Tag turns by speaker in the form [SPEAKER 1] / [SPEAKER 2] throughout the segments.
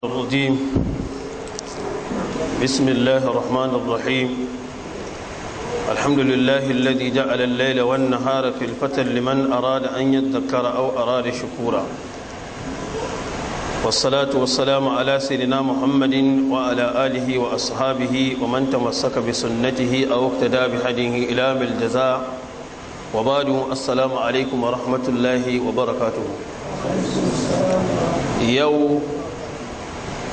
[SPEAKER 1] الرجيم بسم الله الرحمن الرحيم الحمد لله الذي جعل الليل والنهار في الفتر لمن أراد أن يذكر أو أراد شكورا والصلاة والسلام على سيدنا محمد وعلى آله وأصحابه ومن تمسك بسنته أو اقتدى بهديه إلى الجزاء وبعد السلام عليكم ورحمة الله وبركاته يوم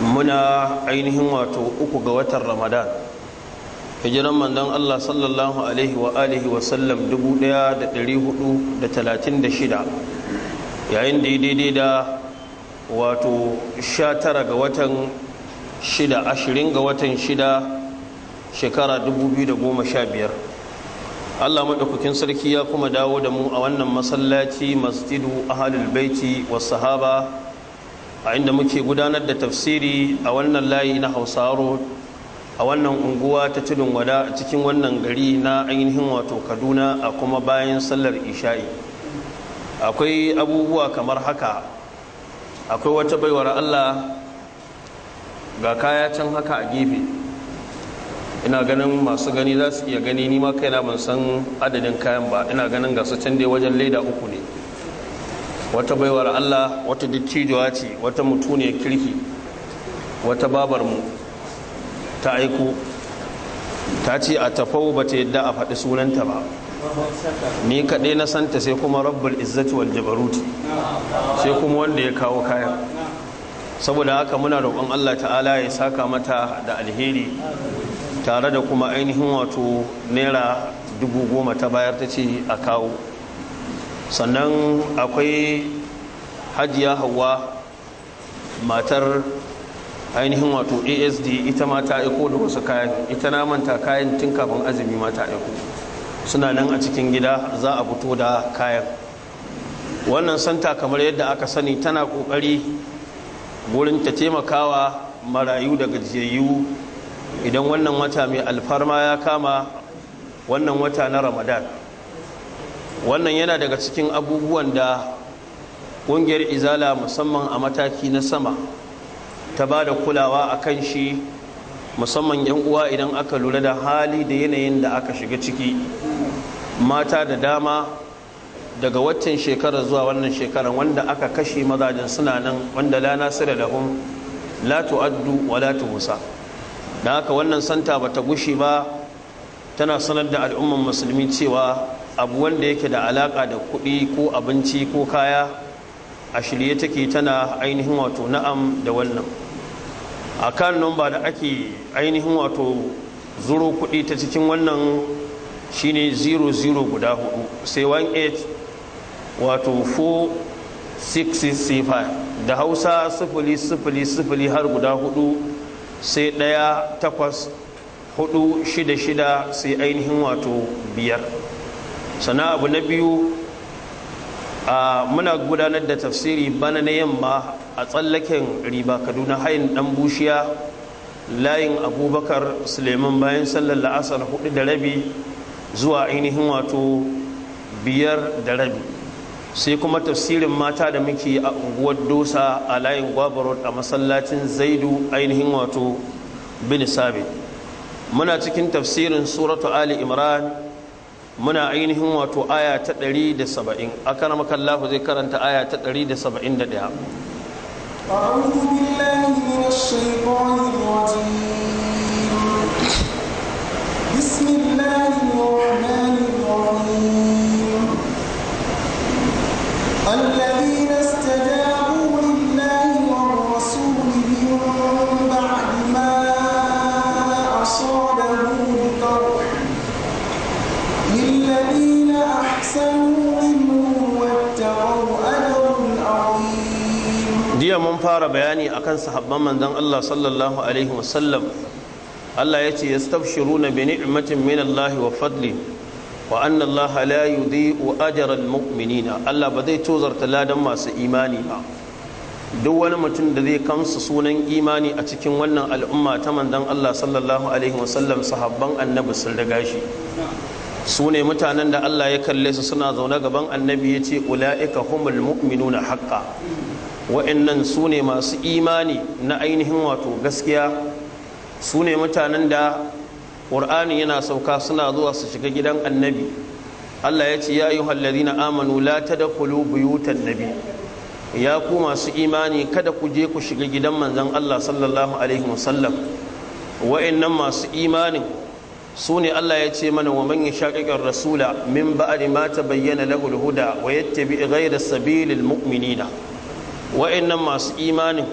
[SPEAKER 1] muna ainihin wato uku ga watan ramadan hijiran mandan allah sallallahu alaihi wa alihi sallam 1436 yayin da daidai da wato 19 ga watan 6 ashirin ga watan 6 shekara 2015 allah maɗaukakin sarki ya kuma dawo da mu a wannan masallaci masjidu ahalul baiti wa sahaba a inda muke gudanar da tafsiri a wannan layi na hausaro a wannan unguwa ta tudun wada a cikin wannan gari na ainihin wato kaduna a kuma bayan sallar isha'i akwai abubuwa kamar haka akwai wata baiwar allah ga kaya can haka a gefe ina ganin masu gani za su iya gani nima kaina ban san adadin kayan ba ina ganin ga su can dai wajen leda uku ne wata baiwar Allah wata dattijuwa ce wata mutuniyar kirki wata babarmu ta aiko ta ce a tafau ba ta yadda a faɗi sunanta ba ni kaɗai na santa sai kuma rabbul izzati wal jabaruti sai kuma wanda ya kawo kayan saboda haka muna roƙon Allah ta'ala ya saka mata da alheri tare da kuma ainihin wato naira dubu goma ta bayar ta ce a kawo sannan akwai hajiya hawa matar ainihin wato asd ita ma ta da wasu kayan ita na kayan tun kafin azumi ma ta aiko suna nan a cikin gida za a fito da kayan wannan santa kamar yadda aka sani tana kokari wurin ta taimakawa marayu da gajiyayyu idan wannan wata mai alfarma ya kama wannan wata na ramadan wannan yana daga cikin abubuwan da ƙungiyar izala musamman a mataki na sama ta ba da kulawa a kan shi musamman 'yan uwa idan aka lura da hali da yanayin da aka shiga ciki mata da dama daga waccan shekarar zuwa wannan shekarar wanda aka kashe mazajen suna nan wanda la nasira lahum la tu'addu wa la tuhsa da haka wannan santa bata gushe ba tana sanar da al'umman musulmi cewa abu wanda yake da alaka da kuɗi ko abinci ko kaya a shirye take tana ainihin wato na'am da wannan a kan ba da ake ainihin wato zuro kuɗi ta cikin wannan shine 00 guda hudu sai 18 wato 4665 da hausa 0000 har guda hudu sai ɗaya takwas hudu shida shida sai ainihin wato biyar sana abu na biyu a muna gudanar da tafsiri bana na yamma a tsallaken riba kaduna hayin dan bushiya layin abubakar suleiman bayan sallar la'asar hudu da rabi zuwa ainihin wato biyar da rabi sai kuma tafsirin mata da muke a unguwar dosa a layin gwabarot a masallacin zaidu ainihin wato bin sabit muna cikin tafsirin suratu ali imran muna ainihin wato aya ta 170 kan, makallahu zai karanta aya ta 171 الله fara bayani akan sahabban manzon Allah sallallahu alaihi wasallam Allah ya ce yastabshiruna bi ni'matin min Allah wa fadli wa anna Allah la yudhi'u ajra al-mu'minina Allah ba zai tozarta ladan masu imani ba duk wani mutum da zai kamsa sunan imani a cikin wannan al'umma ta manzon Allah sallallahu alaihi wasallam sahabban annabi sun riga shi su ne mutanen da Allah ya kalle su suna zaune gaban annabi ya ce ula'ika humul mu'minuna haqqa wa'annan su ne masu imani na ainihin wato gaskiya su ne mutanen da ƙur'ani yana sauka suna zuwa su shiga gidan annabi allah ya ce ya yi na amanu la ta da buyutan nabi ya ku masu imani kada ku je ku shiga gidan manzan allah sallallahu alaihi wasallam wa'annan masu imanin su ne allah ya ce mana wa man yashaqiqir rasula min ba'di ma tabayyana bayyana al-huda wa yattabi ghayra sabilil mu'minina wa'annan masu imanin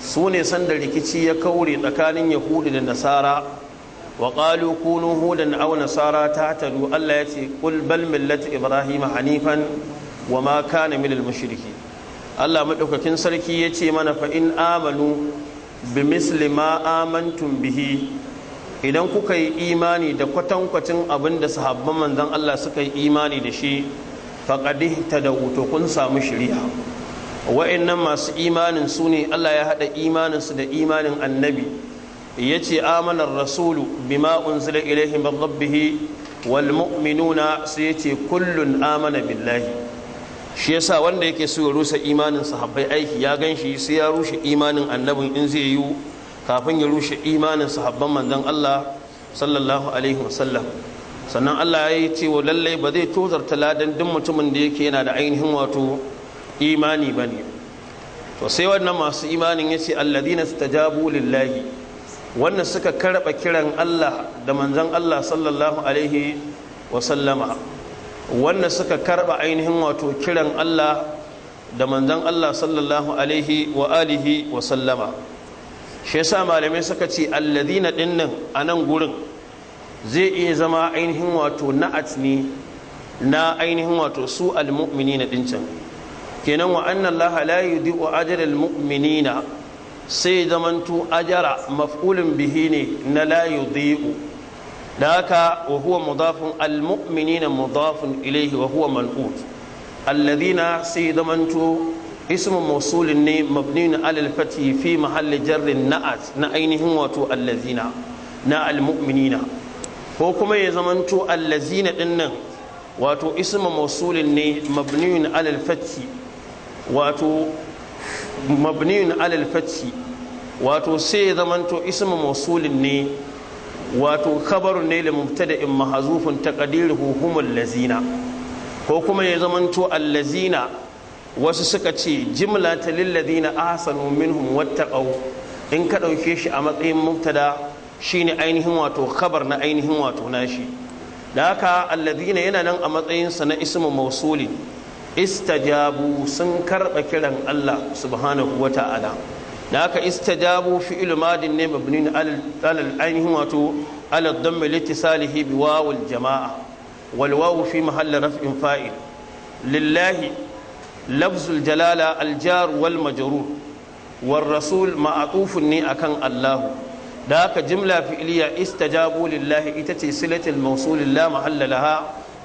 [SPEAKER 1] su ne sanda rikici ya kaure tsakanin yahudu da nasara wa ƙalu kunu hudan aw nasara ta taru Allah ya ce qul bal millati ibrahim hanifan wa ma kana minal mushriki Allah madaukakin sarki ya ce mana fa in amanu bi misli ma amantum bihi idan kuka yi imani da kwatankwacin abin da sahabban manzon Allah suka yi imani da shi faqad da kun samu shari'a waɗannan masu imanin su ne Allah ya haɗa imaninsu da imanin annabi ya ce amanar rasulu bima unzila ilaihi min rabbihi wal mu'minuna sai ya ce kullun amana billahi shi yasa wanda yake so ya rusa imanin sahabbai aiki ya gan shi sai ya rushe imanin annabin in zai yiwu kafin ya rushe imanin sahabban manzon Allah sallallahu alaihi wasallam sannan Allah ya ce wa lallai ba zai tozarta ladan duk mutumin da yake yana da ainihin wato imani ba ne to sai wannan masu imanin ya ce alladina stajabu lillahi wannan suka karɓa kiran Allah da manzan Allah sallallahu alaihi sallama wannan suka karɓa ainihin wato kiran Allah da manzan Allah sallallahu alaihi wa alihi wa sallama shi yasa malamai suka ce alladina dinnan a nan gurin zai iya zama ainihin wato na'at ne na ainihin wato su almu'mini na ɗin can kenan wa anna allaha la yudi'u ajra almu'minina sai zamantu ajara maf'ulun bihi ne na la yudi'u da haka wa huwa mudafun almu'minina mudafun ilayhi wa huwa man'ut alladhina sai zamantu ne اسم موصول مبني على الفتح في محل جر نعت نعينه وتو na al المؤمنين ko kuma ya zamanto allazina dinnan wato ismu mausulin ne mabniyun alal fati. wato mabniyun alal fathi wato sai zamanto ismu mausulin ne wato khabarun ne da mubtada'in mahzufun taqdiruhu humul lazina ko kuma ya zamanto allazina wasu suka ce jimla ta lillazina ahsanu minhum wattaqaw in ka dauke shi a matsayin mubtada shine ainihin wato khabar na ainihin wato nashi da haka allazina yana nan a matsayin sa na ismu mausulin istajabu sun karɓa kiran Allah subhanahu wa ta'ala da haka istajabu fi ilmadin ne mabnin alal ainihin wato alal dammi salihi bi wawul jama'a wal wawu fi mahalla raf'in fa'il lillahi lafzul jalala aljar wal majrur wal rasul ma'atufun ne akan Allahu da haka jimla fi'liya istajabu lillahi ita ce silatul mawsulillah mahallalaha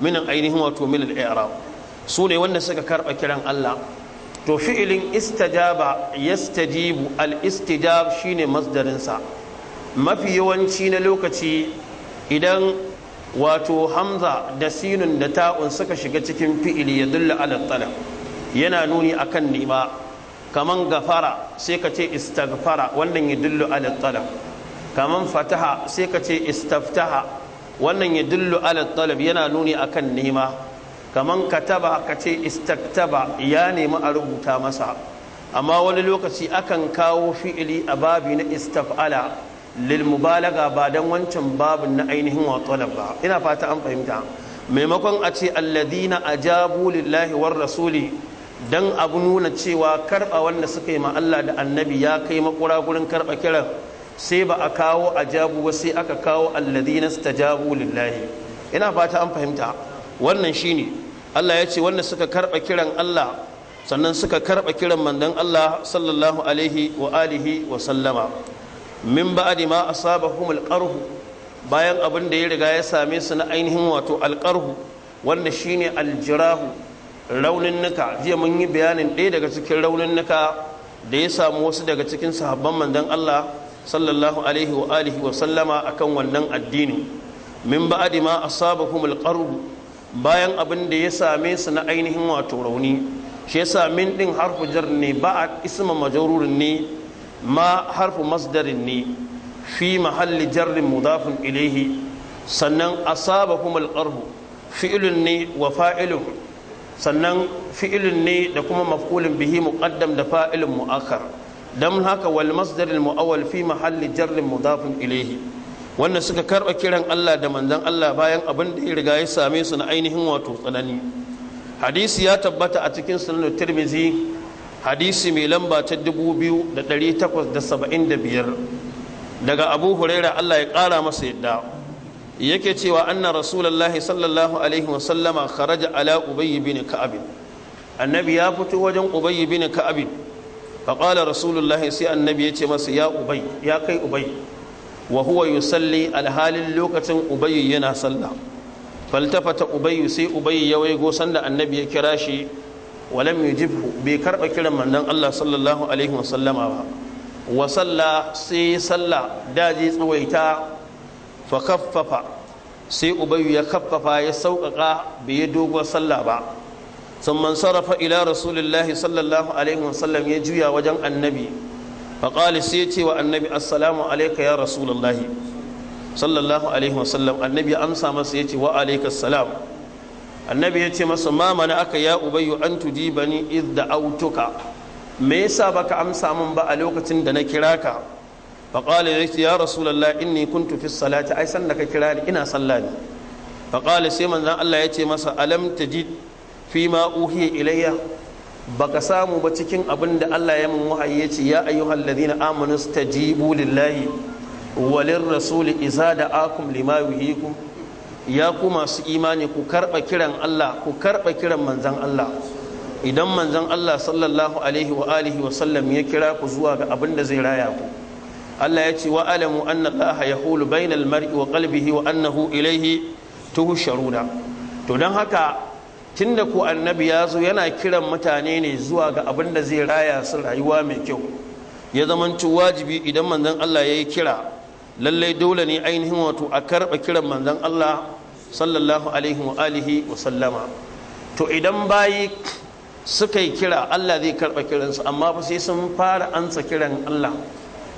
[SPEAKER 1] min ainihin wato min al-i'rab su ne wanda suka karɓa kiran Allah to fi'ilin istajaba yastajibu al-istijab shine masdarinsa mafi yawanci na lokaci idan wato hamza da sinun da ta'un suka shiga cikin fi'ili ya dulla ala talab yana nuni akan nema kaman gafara sai ka ce istaghfara wannan ya dullu ala talab kaman fataha sai ka ce istaftaha wannan ya dullu ala talab yana nuni akan nema. kaman kataba ka ce istaktaba ya nemi a rubuta masa amma wani lokaci akan kawo fi'ili a babi na istaf'ala lil mubalaga ba dan wancan babin na ainihin wato ba ina fata an fahimta maimakon a ce alladina ajabu lillahi war rasuli dan abu nuna cewa karba wanda suka yi ma Allah da annabi ya kai makura gurin karba kiran sai ba a kawo ajabu ba sai aka kawo alladina stajabu lillahi ina fata an fahimta wannan shine Allah ya ce wanda suka karɓa kiran Allah sannan suka karɓa kiran mandan Allah sallallahu alaihi wa alihi wa sallama min ba'di ma asabahum alqarhu bayan abin da ya riga ya same su na ainihin wato alqarhu wanda shine aljirahu raunin nuka jiya mun yi bayanin ɗaya daga cikin raunin nuka da ya samu wasu daga cikin sahabban mandan Allah sallallahu alaihi wa alihi wa sallama akan wannan addini min ba'di ma asabahum alqarhu bayan abin da ya same su na ainihin wato rauni shi yasa min din harfu jar ne ba a isma majarurin ne ma harfu masdarin ne fi mahalli jarrin mudafin ilaihi sannan asaba kuma alqarhu fi'ilun ne wa fa'ilun sannan fi'ilun ne da kuma maf'ulun bihi muqaddam da fa'ilun mu'akkar dan haka wal masdaril mu'awwal fi mahalli jarrin mudafin ilaihi wanda suka karɓa kiran Allah da manzon Allah bayan abin da ya riga ya same su na ainihin wato tsanani hadisi ya tabbata a cikin sunan tirmizi hadisi mai lamba ta 2875 daga abu huraira Allah ya ƙara masa yadda yake cewa anna rasulullahi sallallahu alaihi wasallama kharaja ala ubay bin ka'ab annabi ya fito wajen ubay bin ka'ab fa qala rasulullahi sai annabi ya ce masa ya ubay ya kai ubay wa huwa yusalli alhalin lokacin ubayy yana sallah faltafata ubayy sai ubayy ya waigo sanda annabi ya kira shi walam yujibhu bai karba kiran mandan Allah sallallahu alaihi sallama ba wa salla sai salla daji tsawaita fa kaffafa sai ubayy ya kaffafa ya sauƙaƙa bai dogon sallah ba sun sarrafa ila rasulullahi sallallahu alaihi sallam ya juya wajen annabi faƙali sai ce wa annabi assalamu alaika ya rasulullahi sallallahu alaihi wasallam annabi amsa masa ya ce wa alaika salam annabi ya ce masa ma aka ya ubayyu an tudi bani iz da autuka me yasa baka amsa min ba a lokacin da na kira ka faƙali ya ce ya rasulallah inni kuntu fi salati ai san da ka kira ni ina sallah ne sai manzon Allah ya ce masa alam tajid ma ilayya baka samu ba cikin abin da Allah ya mun wahayi ya ce ya ayyuhal ladina amanu stajibu lillahi walir rasul iza da'akum lima yuhikum ya ku masu imani ku karba kiran Allah ku karba kiran manzon Allah idan manzon Allah sallallahu alaihi wa alihi wa sallam ya kira ku zuwa ga abin da zai raya ku Allah ya ce wa alamu anna Allah yahulu bainal mar'i wa qalbihi wa annahu ilayhi tuhsharuna to dan haka tunda ku annabi ya zo yana kiran mutane ne zuwa ga abin da zai raya su rayuwa mai kyau ya zamanci wajibi idan manzon Allah ya yi kira lallai dole ne ainihin wato a karɓa kiran manzon Allah sallallahu alaihi wa alihi wa sallama to idan bayi suka yi kira Allah zai karɓa kiransu amma fa sai sun fara ansa kiran Allah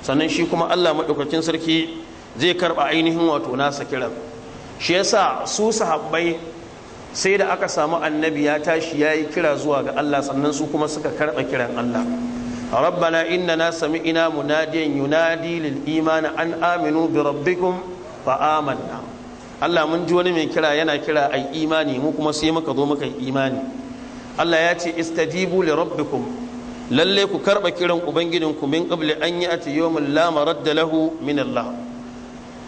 [SPEAKER 1] sannan shi kuma Allah maɗaukakin sarki zai karɓa ainihin wato nasa kiran shi yasa su sahabbai sai da aka samu annabi ya tashi ya yi kira zuwa ga Allah sannan su kuma suka karɓa kiran Allah rabbana innana na munadiyan yunadi lil imani an aminu bi rabbikum fa amanna Allah mun ji wani mai kira yana kira ai imani mu kuma sai muka zo muka yi imani Allah ya ce istajibu li rabbikum lalle ku karɓa kiran ku. min qabli an ya'ti yawmin la maradda lahu min Allah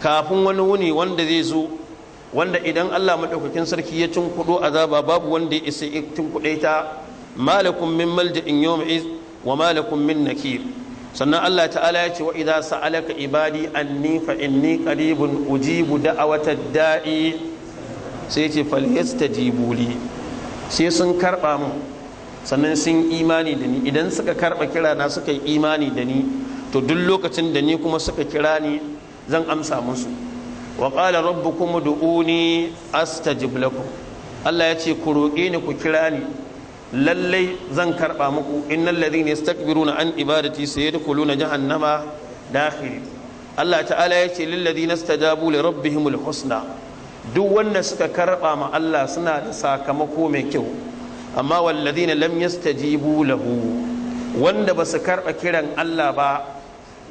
[SPEAKER 1] kafin wani wuni wanda zai zo wanda idan Allah maɗaukakin sarki ya tunkudo azaba babu wanda ya isa tunkuɗe ta malakum min malja'in yawmiz wa malakum min nakir sannan Allah ta'ala ya ce wa idza sa'alaka ibadi anni fa inni qaribun ujibu da'awata da'i sai ce falyastajibu sai sun karba mu sannan sun imani da ni idan suka karba kira na suka yi imani da ni to duk lokacin da ni kuma suka kira ni zan amsa musu wa qala rabbukum du'uni astajib lakum Allah ya ce ku roƙe ni ku kira ni lallai zan karɓa muku In innal ladhina yastakbiruna an ibadati sayadkhuluna jahannama dakhiri Allah ta'ala ya ce lil ladhina istajabu li rabbihimul husna duk wanda suka karɓa ma Allah suna da sakamako mai kyau amma wal ladhina lam yastajibu lahu wanda ba su karɓa kiran Allah ba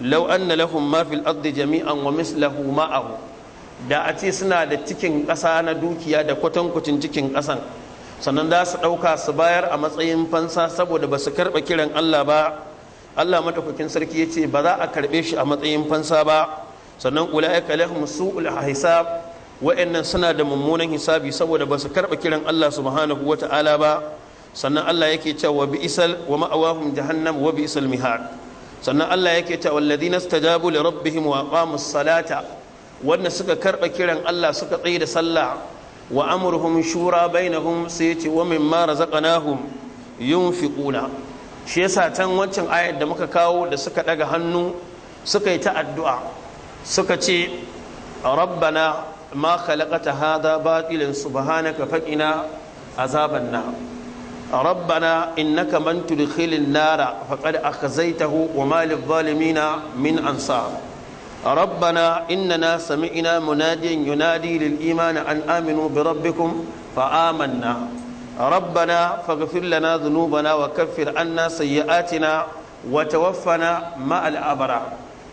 [SPEAKER 1] law anna lahum ma fil ardi jami'an wa mislahu ma'ahu da a ce suna da cikin ƙasa na dukiya da kwatankwacin cikin ƙasan sannan za su ɗauka su bayar a matsayin fansa saboda ba su karɓa kiran Allah ba Allah matafakin sarki ya ce ba za a karɓe shi a matsayin fansa ba sannan ula'ika lahum su'ul hisab wa'annan suna da mummunan hisabi saboda ba su karɓa kiran Allah subhanahu wata'ala ba sannan Allah yake cewa bi wa ma'awahum jahannam wa bi isal mihad sannan Allah yake cewa alladhina istajabu li rabbihim wa aqamus salata wanda suka karɓa kiran Allah suka tsaye da sallah wa amurhum shura bainahum sai ya ce wa mimma razaqnahum yunfiquna shi yasa can wancan ayar da muka kawo da suka daga hannu suka yi ta addu'a suka ce rabbana ma khalaqata hadha batilan subhanaka faqina azaban nar rabbana innaka man tudkhilin nara faqad akhzaytahu wa ma lil zalimin min ansa. ربنا إننا سمعنا مناديا ينادي للإيمان أن آمنوا بربكم فآمنا ربنا فاغفر لنا ذنوبنا وكفر عنا سيئاتنا وتوفنا مع الأبرار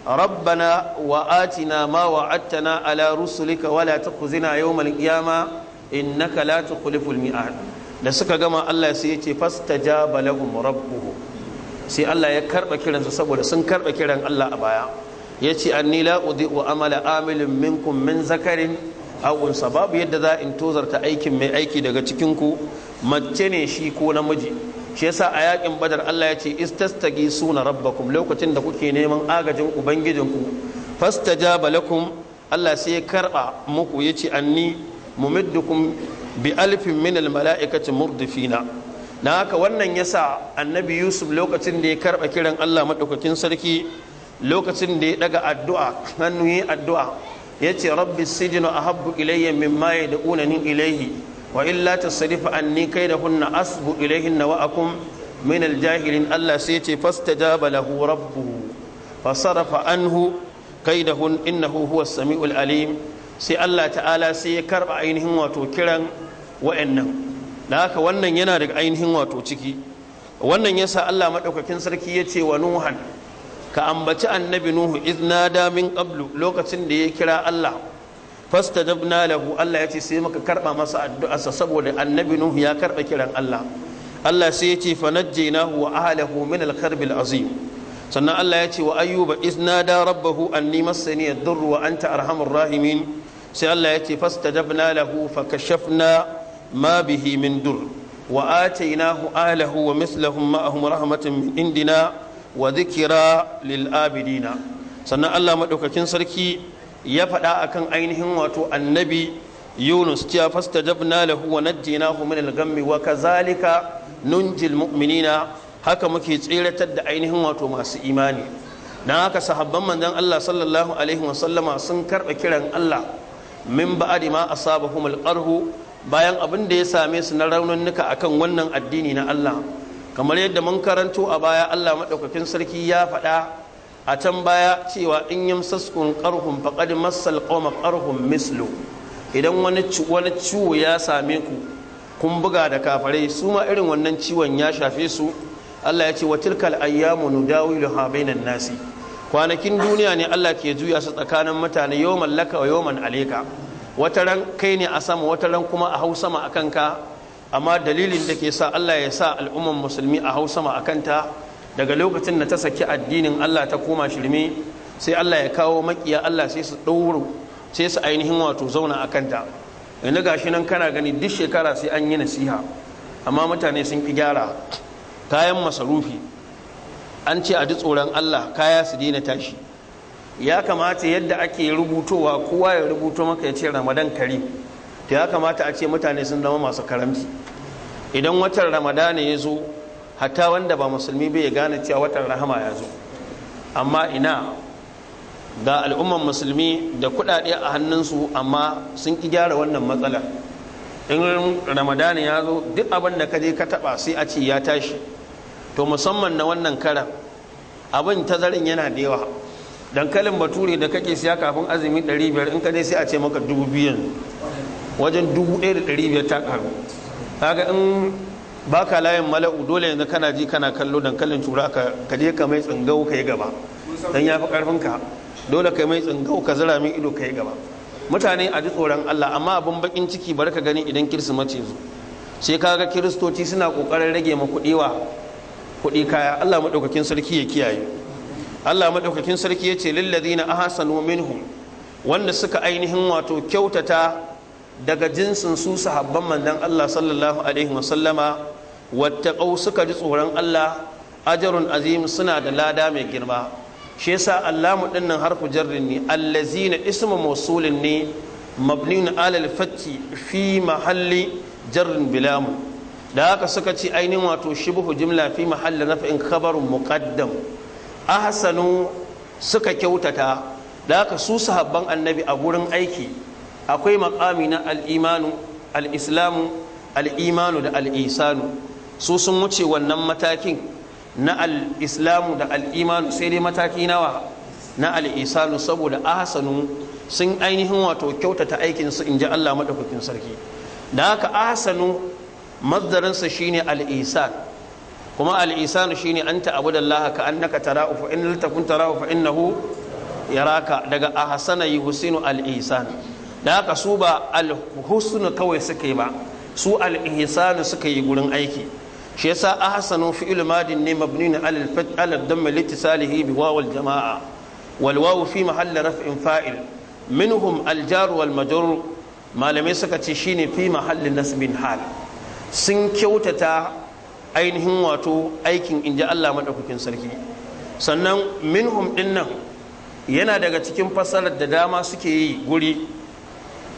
[SPEAKER 1] ربنا وآتنا ما وعدتنا على رسلك ولا تخزنا يوم القيامة إنك لا تخلف الميعاد da suka gama Allah sai ya ce fastajaba lahum rabbuhum sai Allah ya karba kiransa saboda sun karba kiran Allah a baya ya ce nila ƙudi wa amala amilin minkum min zakarin aw sababu yadda za in tozarta aikin mai aiki daga cikin ku mace ne shi ko namiji shi yasa a yakin badar Allah ya ce istastagi suna rabbakum lokacin da kuke neman agajin ubangijinku fastajaba lakum Allah sai ya karba muku yace anni mumiddukum bi alfin min mala'ikacin mala'ikati murdifina na haka wannan yasa annabi Yusuf lokacin da ya karɓa kiran Allah madaukakin sarki lokacin da ya daga addu'a hannu yin addu'a ya ce rabbi sijinu a habbu ilayya min maye da unanin ilayhi wa illa ta sarifa an ni kai da hunna asbu ilayhin na wa'akun min aljahilin allah sai ce fasta jaba lahu rabbu fasarafa anhu kai da hun innahu huwa sami'ul alim sai allah ta'ala sai ya karba ainihin wato kiran wa'annan da haka wannan yana daga ainihin wato ciki wannan yasa allah maɗaukakin sarki ya ce wa nuhan ka ambaci annabi nuhu izna da min qablu lokacin da ya kira Allah fastajabna lahu Allah yace sai muka karba masa addu'arsa saboda annabi nuhu ya karba kiran Allah Allah sai yace fanajjaynahu wa ahlihi min al al azim sannan Allah yace wa ayyuba izna da rabbahu anni massani ad dur wa anta arhamur rahimin sai Allah yace fastajabna lahu fakashafna ma bihi min dur wa atainahu ahlihi wa mislahum ma'ahum rahmatan min indina wa zikira lil abidina sannan Allah madaukakin sarki ya faɗa akan ainihin wato annabi Yunus cewa fastajabna lahu wa najjinahu min al-ghammi wa kazalika nunjil mu'minina haka muke tseratar da ainihin wato masu imani dan haka sahabban manzon Allah sallallahu alaihi wa sallama sun karɓa kiran Allah min ba'di ma asabahum al-qarhu bayan abin da ya same su na raununuka akan wannan addini na Allah kamar yadda mun karanto a baya Allah maɗaukakin sarki ya faɗa a can baya cewa in yamsaskun qarhum faqad massal qawma qarhum mislu idan wani wani ciwo ya same ku kun buga da kafare su ma irin wannan ciwon ya shafe su Allah ya ce wa tilkal ayyamu ha bainan nasi kwanakin duniya ne Allah ke juya su tsakanin mutane yawman laka wa yawman aleka wata kai ne a sama wataran kuma a hau sama akan ka amma dalilin da ke sa Allah ya sa al'umman musulmi a hausa ma kanta daga lokacin da ta saki addinin Allah ta koma shirme sai Allah ya kawo makiya Allah sai su ɗauro sai su ainihin wato zauna a kanta ga shi nan kana gani duk shekara sai an yi nasiha amma mutane sun ki gyara kayan masarufi an ce a ji tsoron Allah kaya su daina tashi ya kamata yadda ake rubutowa kowa ya rubuto maka ya ce ramadan karim ta ya kamata a ce mutane sun zama masu karamci idan watan ramadana ya zo hatta wanda ba musulmi bai ya gane cewa watan rahama ya zo amma ina ga al'umman musulmi da kudade a hannunsu amma sun ki gyara wannan matsala in ramadana ya zo duk abin da ka ka taba sai a ce ya tashi to musamman na wannan karan abin tazarin yana da yawa dankalin bature da kake siya kafin azumi 500 in ka dai sai a ce maka 2000 wajen 1,500 ta karu kaga in baka layin mala'u dole yanzu kana ji kana kallo dankalin tura ka kaje ka mai tsingau ka yi gaba dan ya fi ƙarfinka dole ka mai tsingau ka zira min ido ka yi gaba mutane a ji tsoron Allah amma abin bakin ciki bar ka gani idan kirsimaci zo sai kaga kiristoci suna kokarin rage ma kuɗi wa kuɗi kaya Allah madaukakin sarki ya kiyaye Allah madaukakin sarki ya ce lil ladina ahsanu minhum wanda suka ainihin wato kyautata daga jinsin su sahabban manzon Allah sallallahu alaihi wasallama wattaqau suka ji tsoron Allah ajarun azim suna da lada mai girma shi yasa allamu dinnan harfu jarrin ne allazina ismu mawsulin ne mabniun alal fatti fi mahalli jarrin bilamu da haka suka ci ainihin wato shibhu jimla fi mahalli naf'in khabarun muqaddam ahsanu suka kyautata da haka su sahabban annabi a gurin aiki akwai makami na al'imanu al'islamu al'imanu da al'isanu su sun wuce wannan matakin na al'islamu da al'imanu sai dai mataki nawa na al'isanu saboda ahasanu sun ainihin wato kyautata aikinsu in ji Allah maɗaukakin sarki da haka ahasanu mazdarinsa shine al'isan kuma al'isanu shine an abu da Allah ka annaka tara'u fa in tara takun innahu yaraka daga ahsana yuhsinu al al'isan? da haka su ba alhusnu kawai suka yi ba su al suka yi gurin aiki shi yasa ahsanu fi'il madin ne mabni na al-fath damma bi wawal jama'a wal fi mahall raf'in fa'il minhum al-jar wal majrur malamai suka ce shine fi mahall nasbin hal sun kyautata ainihin wato aikin inji Allah madaukakin sarki sannan minhum dinnan yana daga cikin fasalar da dama suke yi guri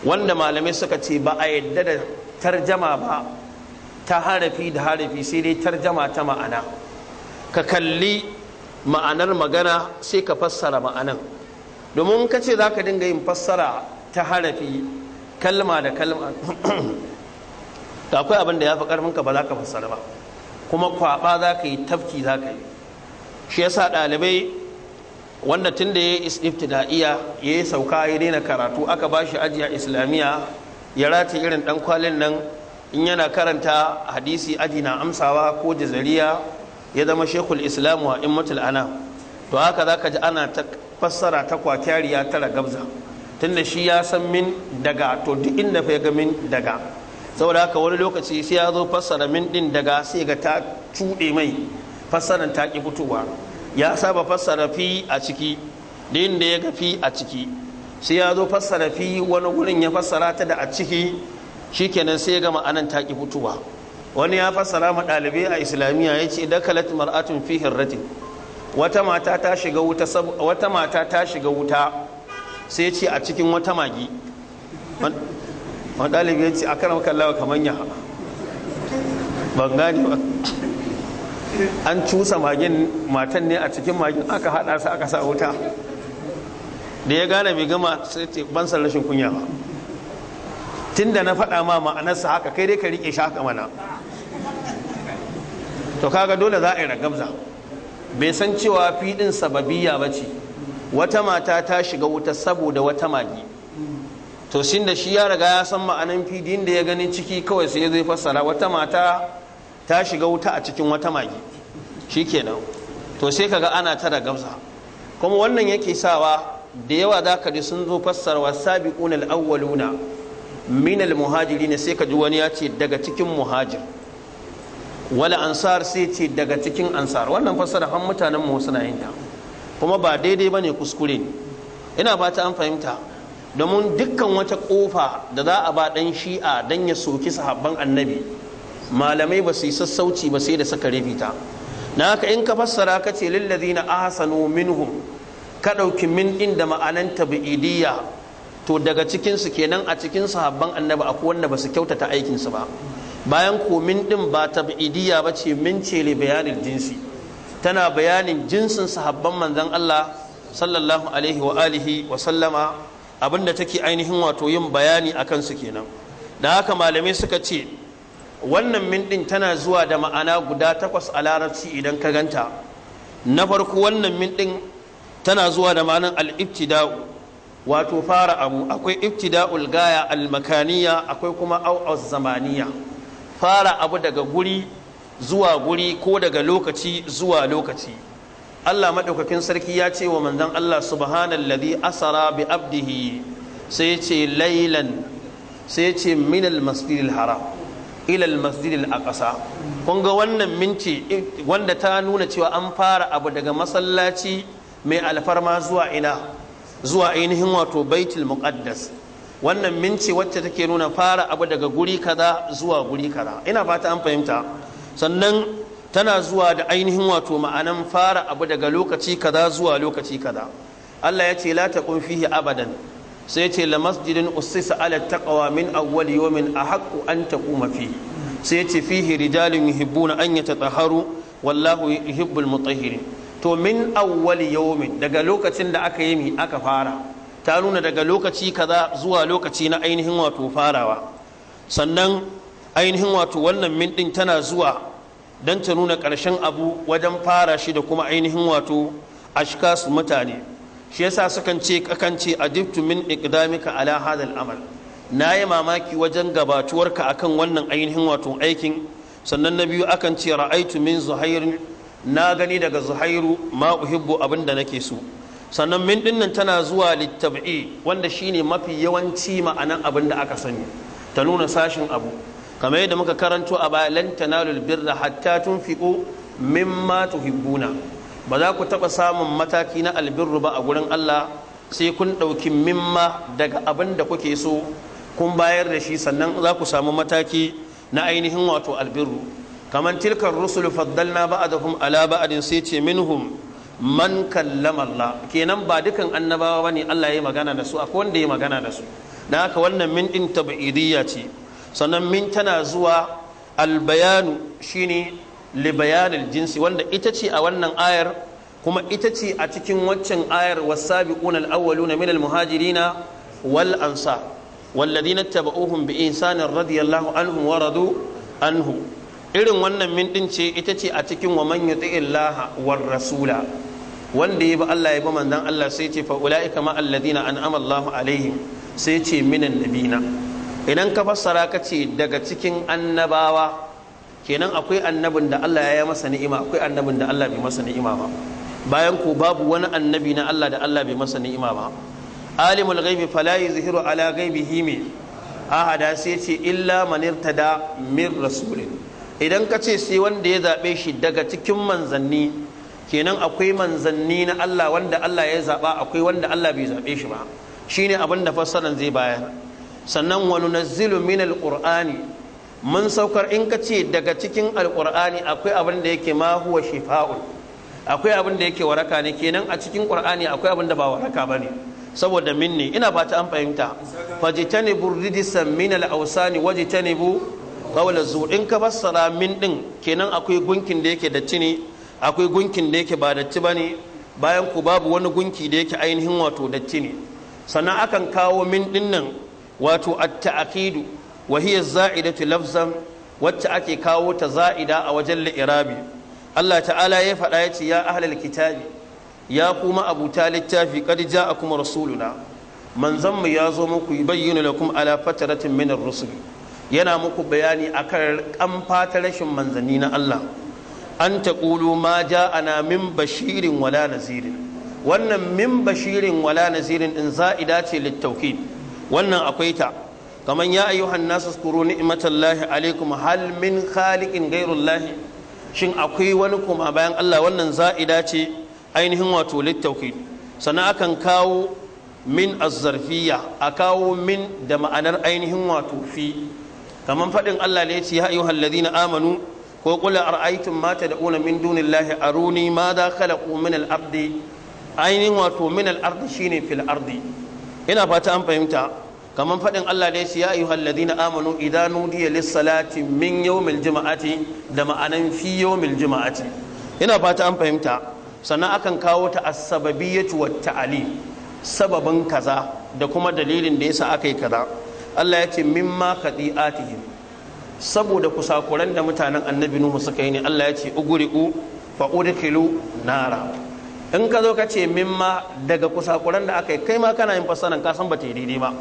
[SPEAKER 1] wanda malamai suka ce ba a yadda da tarjama ba ta harafi da harafi sai dai tarjama ta ma'ana ka kalli ma'anar magana sai ka fassara ma'anan domin ka ce za ka dinga yin fassara ta harafi kalma da kalma da akwai abin da ya fi ka ba za ka fassara ba kuma kwaba za ka yi tafki za ka yi shi yasa ɗalibai wanda tun da ya yi iya ya yi sauka ya daina karatu aka ba shi ajiya islamiyya ya rati irin dan kwalin nan in yana karanta hadisi aji na amsawa ko jazariya ya zama shekul islamu wa in mutul ana to haka za ka ji ana ta fassara ta kwakyariya tara gabza tun da shi ya san min daga to duk inda fa ga min daga saboda haka wani lokaci sai ya zo fassara min din daga sai ga ta cuɗe mai fassaran ta ki fitowa ya saba fassara fi a ciki din da ya ga fi a ciki sai ya zo fassara fi wani gurin ya fassara ta da a ciki shi shikenan sai ya gama anan ta ki mutuwa. wani ya fassara ma dalibai a islamiyya ya ce dakalat mar'atun fi hirrati wata mata ta shiga wuta wata mata ta shiga wuta sai ce a cikin wata magi wani ɗalibai ya ce a karan kamar ya ban gane ba an cusa magin matan ne a cikin magin aka haɗa su aka sa wuta da ya gane bai gama sai ce ban san rashin kunya ba tunda na faɗa ma ma'anarsa haka kai dai ka riƙe shi haka mana to kaga dole za a yi ragabza bai san cewa fiɗin sababiya ba ce wata mata ta shiga wuta saboda wata magi to shi da shi ya riga ya san ma'anan fidin da ya gani ciki kawai sai zai fassara wata mata ta shiga wuta a cikin wata magi shikenan to sai kaga ana ta da gamsa kuma wannan yake sawa da yawa za ka ji sun zo fassarwa sabiquna al-awwaluna minal muhajiri muhajirin sai ka ji wani ya ce daga cikin muhajir wala ansar sai ce daga cikin ansar wannan fassara har mutanen mu suna yin ta kuma ba daidai bane kuskure ne ina fata an fahimta domin dukkan wata kofa da za a ba dan shi'a dan ya soki sahabban annabi malamai ba su yi sassauci ba sai da saka rubuta na haka in ka fassara ka ce na ahsanu minhum ka ɗauki min ɗin da ma'anan tabi'idiyya to daga cikinsu kenan a cikin sahabban annabi akwai wanda ba su kyautata su ba bayan ko min ɗin ba tabi'idiyya ba ce min ce le bayanin jinsi tana bayanin jinsin sahabban manzon Allah sallallahu alaihi wa alihi wa sallama abinda take ainihin wato yin bayani akan su kenan da haka malamai suka ce wannan min tana zuwa da ma'ana guda takwas a larabci idan ka ganta na farko wannan min tana zuwa da ma'anar al-ibtida'u wato fara abu akwai ibtida'ul gaya al-makaniya akwai kuma au zamaniya fara abu daga guri zuwa guri ko daga lokaci zuwa lokaci Allah maɗaukakin sarki ya ce wa manzon Allah subhanalladhi asara bi abdihi sai ce laylan sai ce minal masjidil haram ilal masjidil a ƙasa ga wannan minci wanda ta nuna cewa an fara abu daga masallaci mai alfarma zuwa ina zuwa ainihin wato baitul muqaddas wannan minci wacce take nuna fara abu daga guri kaza zuwa guri kaza ina fata an fahimta sannan tana zuwa da ainihin wato ma'anan fara abu daga lokaci kaza zuwa lokaci kaza Allah ya ce la kun fihi abadan sai ce la masjidin ussisa ala taqwa min awwal yawmin ahqqu an taquma fi sai ce fihi rijalun yuhibbuna an yatatahharu wallahu yuhibbul mutahhirin to min awwal yawmin daga lokacin da aka yi mi aka fara ta nuna daga lokaci kaza zuwa lokaci na ainihin wato farawa sannan ainihin wato wannan min din tana zuwa dan ta nuna ƙarshen abu wajen fara shi da kuma ainihin wato su mutane shi yasa sukan ce kakan ce adibtu min iqdamika ala hadha al-amal nayi mamaki wajen gabatuwarka akan wannan ainihin wato aikin sannan na biyu akan ce ra'aitu min zuhair na gani daga zuhairu ma uhibbu abinda nake so sannan min dinnan tana zuwa littab'i wanda shine mafi yawanci ma'anan abin da aka sani ta nuna sashin abu kamar yadda muka karanto a baya lan tanalul birra hatta tunfiqu mimma tuhibbuna ba za ku taɓa samun mataki na albirru ba a gurin Allah sai kun ɗauki mimma daga abin da kuke so kun bayar da shi sannan za ku samu mataki na ainihin wato albirru kamar tilkar rusul faddalna ba'adahum ala ba'adin sai ce minhum man kallama Allah kenan ba dukan annabawa bane Allah ya magana da su akwai wanda ya magana da su da haka wannan min din tabidiyya ce sannan min tana zuwa albayanu shine libayanin jinsi wanda ita ce a wannan ayar kuma ita ce a cikin waccan ayar wasabiquna unal awwaluna min al-muhajirina wal ansar walladhina tabauhum bi ihsanin radiyallahu anhum wa radu anhu irin wannan min din ce ita ce a cikin wa man yuti'illaha war rasula wanda ya bi Allah ya bi manzon Allah sai ce fa ulaika ma alladhina an'ama Allahu alaihim sai ce minan nabina idan ka fassara ka ce daga cikin annabawa kenan akwai annabin da Allah ya yi masa ni'ima akwai annabin da Allah bai masa ni'ima ba bayan ku babu wani annabi na Allah da Allah bai masa ni'ima ba alimul ghaibi fala yuzhiru ala ghaibihi min ahada sai ce illa man irtada min rasulin idan ka ce sai wanda ya zabe shi daga cikin manzanni kenan akwai manzanni na Allah wanda Allah ya zaba akwai wanda Allah bai zabe shi ba shine abin da fassaran zai bayar sannan wa nunazzilu min alqur'ani mun saukar in ka ce daga cikin alkur'ani akwai abin da yake ma huwa shifa'un akwai abin da yake waraka ne kenan a cikin ƙur'ani akwai abin da ba waraka bane saboda minni ina ba an fahimta fajitanibu ridisan min al-awsani bu qawla zur in ka fassara min din kenan akwai gunkin da yake dacci ne akwai gunkin da yake ba datti bane bayan ku babu wani gunki da yake ainihin wato dacci ne sannan akan kawo min din nan wato at-ta'qidu wahiyar za'idatu lafzan wacce ake kawo ta za'ida a wajen li'irabi Allah ta'ala ya faɗa ya ce ya ahlal kitabi ya kuma buta littafi qad ja'akum rasuluna manzon mu ya zo muku yubayyinu lakum ala fatratin min ar-rusul yana muku bayani akan kamfa ta rashin manzani na Allah an taqulu ma ja'ana min bashirin wala nazirin wannan min bashirin wala nazirin in za'ida ce littauki wannan akwai ta kamar ya ayyuhan nasu kuru ni'matallahi alaikum hal min khaliqin ghairullahi shin akwai wani kuma bayan Allah wannan za'ida ce ainihin wato littauki sannan akan kawo min azzarfiya a kawo min da ma'anar ainihin wato fi kamar faɗin Allah ne ya ce ya ayyuhal ladina amanu ko kula ara'aytum ma tad'una min dunillahi aruni ma da khalaqu min al-ardi ainihin wato min al-ardi shine fil ardi ina fata an fahimta kamar faɗin Allah da ya ayyuhal ladina amanu idan nudiya lis-salati min mil jima'ati da ma'anan fi yau mil jima'ati ina fata an fahimta sannan akan kawo ta ya ci wata ta'ali sababin kaza da kuma dalilin da yasa yi kaza Allah ya ce mimma qadi'atihim saboda kusakuran da mutanen annabi Nuhu suka yi ne Allah ya ce uguriku fa udkhilu nara in ka zo ka ce mimma daga kusakuran da aka yi kai ma kana yin fassaran ka san ba ta yi daidai ba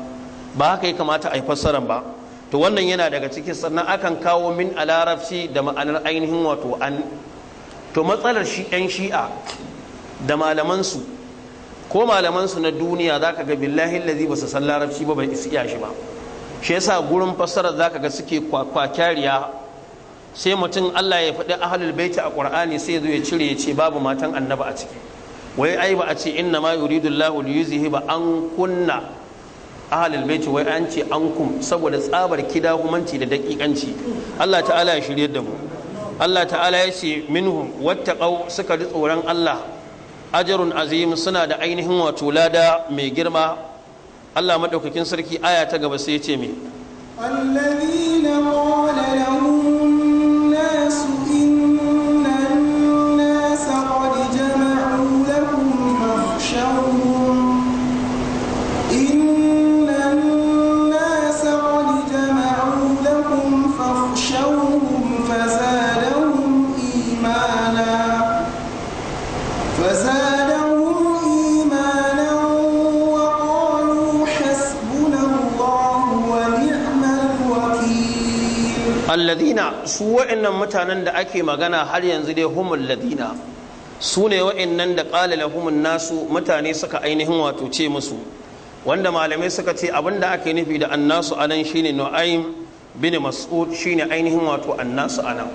[SPEAKER 1] ba haka ya kamata a yi fassaran ba to wannan yana daga cikin sannan akan kawo min a larabci da ma'anar ainihin wato an to matsalar shi 'yan shi'a da malamansu ko malamansu na duniya za ka ga billahi lazi ba su san larabci ba bai iya shi ba shi yasa gurin fassarar za ka ga suke kwakyariya sai mutum allah ya faɗi ahalul baiti a ƙur'ani sai ya zo ya cire ya ce babu matan annaba a ciki wai ai ba a ce inna ma yuridullahu liyuzihi ba an kunna ahalil baiti wai an ce an kum saboda tsabar kida humanci da dakikanci Allah ta'ala ya shirye da mu Allah ta'ala ya ce minhum wattaqau suka ji tsoron Allah ajrun azim suna da ainihin wato lada mai girma Allah madaukakin sarki aya ta gaba sai ya ce me
[SPEAKER 2] alladhina qala lahum
[SPEAKER 1] su wa'annan mutanen da ake magana har yanzu dai humul ladina su ne wa'annan da qala lahumun nasu mutane suka ainihin wato ce musu wanda malamai suka ce abinda ake nufi da annasu anan shine nu'aym bin mas'ud shine ainihin wato annasu anan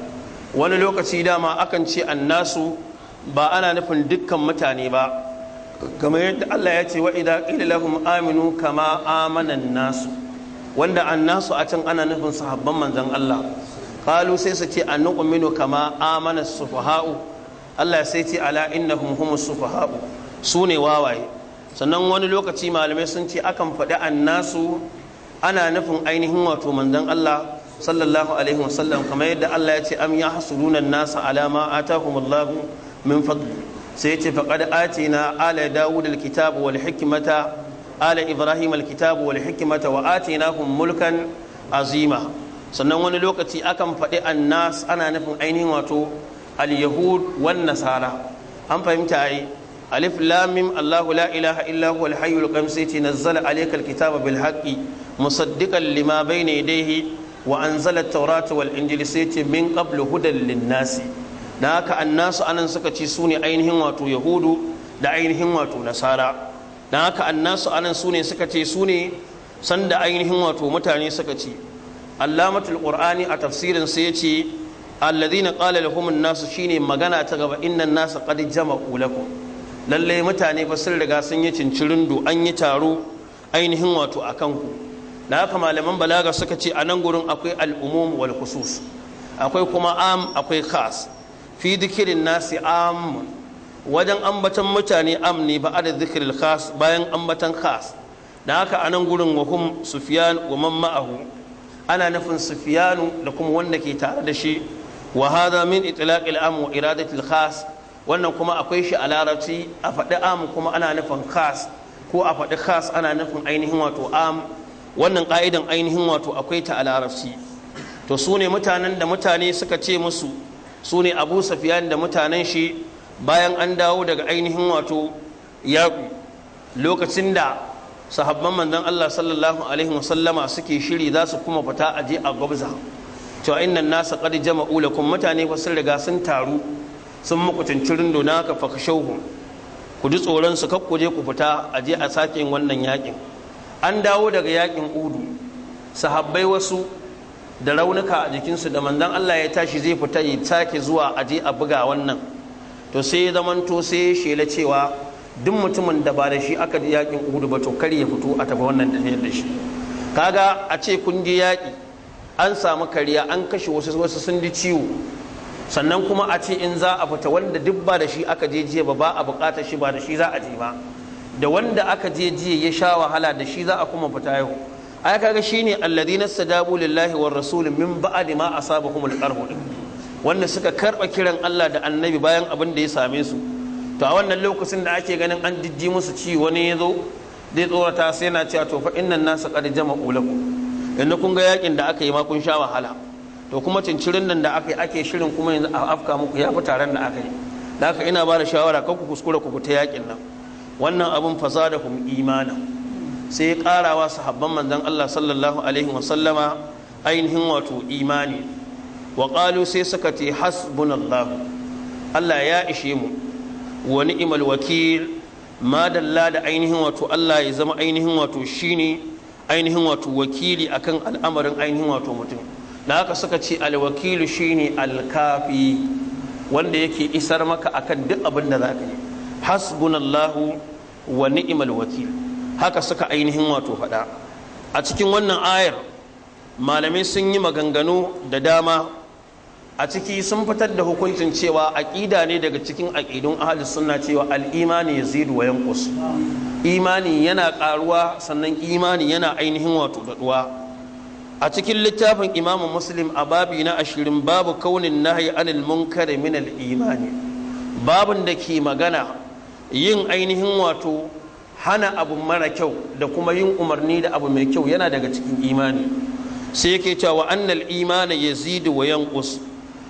[SPEAKER 1] wani lokaci dama akan ce annasu ba ana nufin dukkan mutane ba kamar yadda Allah ya ce wa idza qila lahum aminu kama amana nasu wanda annasu a can ana nufin sahabban manzan Allah qalu sai su ce annuqminu kama amana sufaha'u Allah sai ce ala innahum humus sufaha'u su ne wawaye sannan wani lokaci malamai sun ce akan faɗi annasu ana nufin ainihin wato manzon Allah sallallahu alaihi wasallam kamar yadda Allah ya ce am ya hasuruna nasa alama atahumullahu min fadli sai ya ce faqad atina ala dawud alkitab wal hikmata ala ibrahim alkitab wal hikmata wa atinahum mulkan azima sannan wani lokaci akan faɗi annas ana nufin ainihin wato al-yahud wan nasara an fahimta ai alif lam mim allah la ilaha illa huwa al-hayyul qayyum sai ce nazzala alayka al-kitaba bil haqqi musaddiqan lima bayna yadayhi wa anzala at-taurata wal injila sai ce min qablu hudan lin-nasi da haka annasu anan suka ci sune ainihin wato yahudu da ainihin wato nasara da haka annasu anan sune suka ce sune sanda ainihin wato mutane suka ci allamatul qur'ani a tafsirin sai yace alladhina qala lahum an-nas shine magana ta gaba innan nas qad jama'u lakum lalle mutane ba sun riga sun yi do an yi taro ainihin wato akan ku da haka malaman balaga suka ce a nan gurin akwai al'umum wal khusus akwai kuma am akwai khas fi dikirin nasi am wajen ambatan mutane am ne ba da zikirin khas bayan ambatan khas da haka a nan gurin wa hum sufyan wa man ma'ahu ana nufin sufiyanu da kuma wanda ke tare da shi wa hada min itlaq al-am wa iradat al-khas wannan kuma akwai shi a larabci a faɗi am kuma ana nufin khas ko a faɗi khas ana nufin ainihin wato am wannan ka'idan ainihin wato akwai ta a larabci to su ne mutanen da mutane suka ce musu su ne abu safiyan da mutanen shi bayan an dawo daga ainihin wato ya lokacin da sahabban manzon Allah sallallahu alaihi wasallama suke shiri za su kuma fita a je a gwabza a innan nasa qad jama'u lakum mutane fa sun riga sun taru sun muku cincirin dona ka ku ji tsoron su kakku je ku fita a je a sake wannan yakin an dawo daga yakin udu sahabbai wasu da raunuka a jikinsu da manzon Allah ya tashi zai fita ya sake zuwa a je a buga wannan to sai ya zamanto sai ya shela cewa duk mutumin da ba da shi aka yakin uhudu ba to kar ya fito a tafi wannan tafiyar da shi kaga a ce kun je yaƙi an samu kariya an kashe wasu wasu sun di ciwo sannan kuma a ce in za a fita wanda duk ba da shi aka je jiya ba ba a buƙatar shi ba da shi za a je ba da wanda aka je jiya ya sha wahala da shi za a kuma fita yau ai kaga shine alladhina sadabu lillahi war rasul min ba'di ma asabahumul qarhu wanda suka karba kiran Allah da annabi bayan abin da ya same su to a wannan lokacin da ake ganin an jijji musu ci wani ya zo zai tsorata sai yana cewa to fa innan nasu qad jama ulaku yanzu kun ga yakin da aka yi ma kun sha wahala to kuma cincirin nan da aka yi ake shirin kuma yanzu a afka muku ya fi taron da aka yi da haka ina ba da shawara kan ku kuskura ku fita yakin nan wannan abin fasadahum imana sai ya kara karawa sahabban manzon Allah sallallahu alaihi wa sallama ainihin wato imani wa qalu sai suka ce hasbunallahu Allah ya ishe mu wa ni'mal wakil ma dalla da ainihin wato Allah ya zama ainihin wato shine ainihin wato wakili akan al'amarin ainihin wato mutum da haka suka ce alwakilu shine alkafi wanda yake isar maka akan duk abin da zaka yi hasbunallahu wa ni'mal wakil haka suka ainihin wato faɗa a cikin wannan ayar malamai sun yi maganganu da dama a ciki sun fitar da hukuncin cewa aƙida ne daga cikin aƙidun ahalus sunna cewa al'imani ya zidu wa yankus imani yana ƙaruwa sannan imani yana ainihin wato daɗuwa a cikin littafin imamu muslim a babi na ashirin babu kaunin nahi anil munkari min al imani babin da ke magana yin ainihin wato hana abu mara kyau da kuma yin umarni da abu mai kyau yana daga cikin imani sai yake cewa annal imani yazidu wa yanqus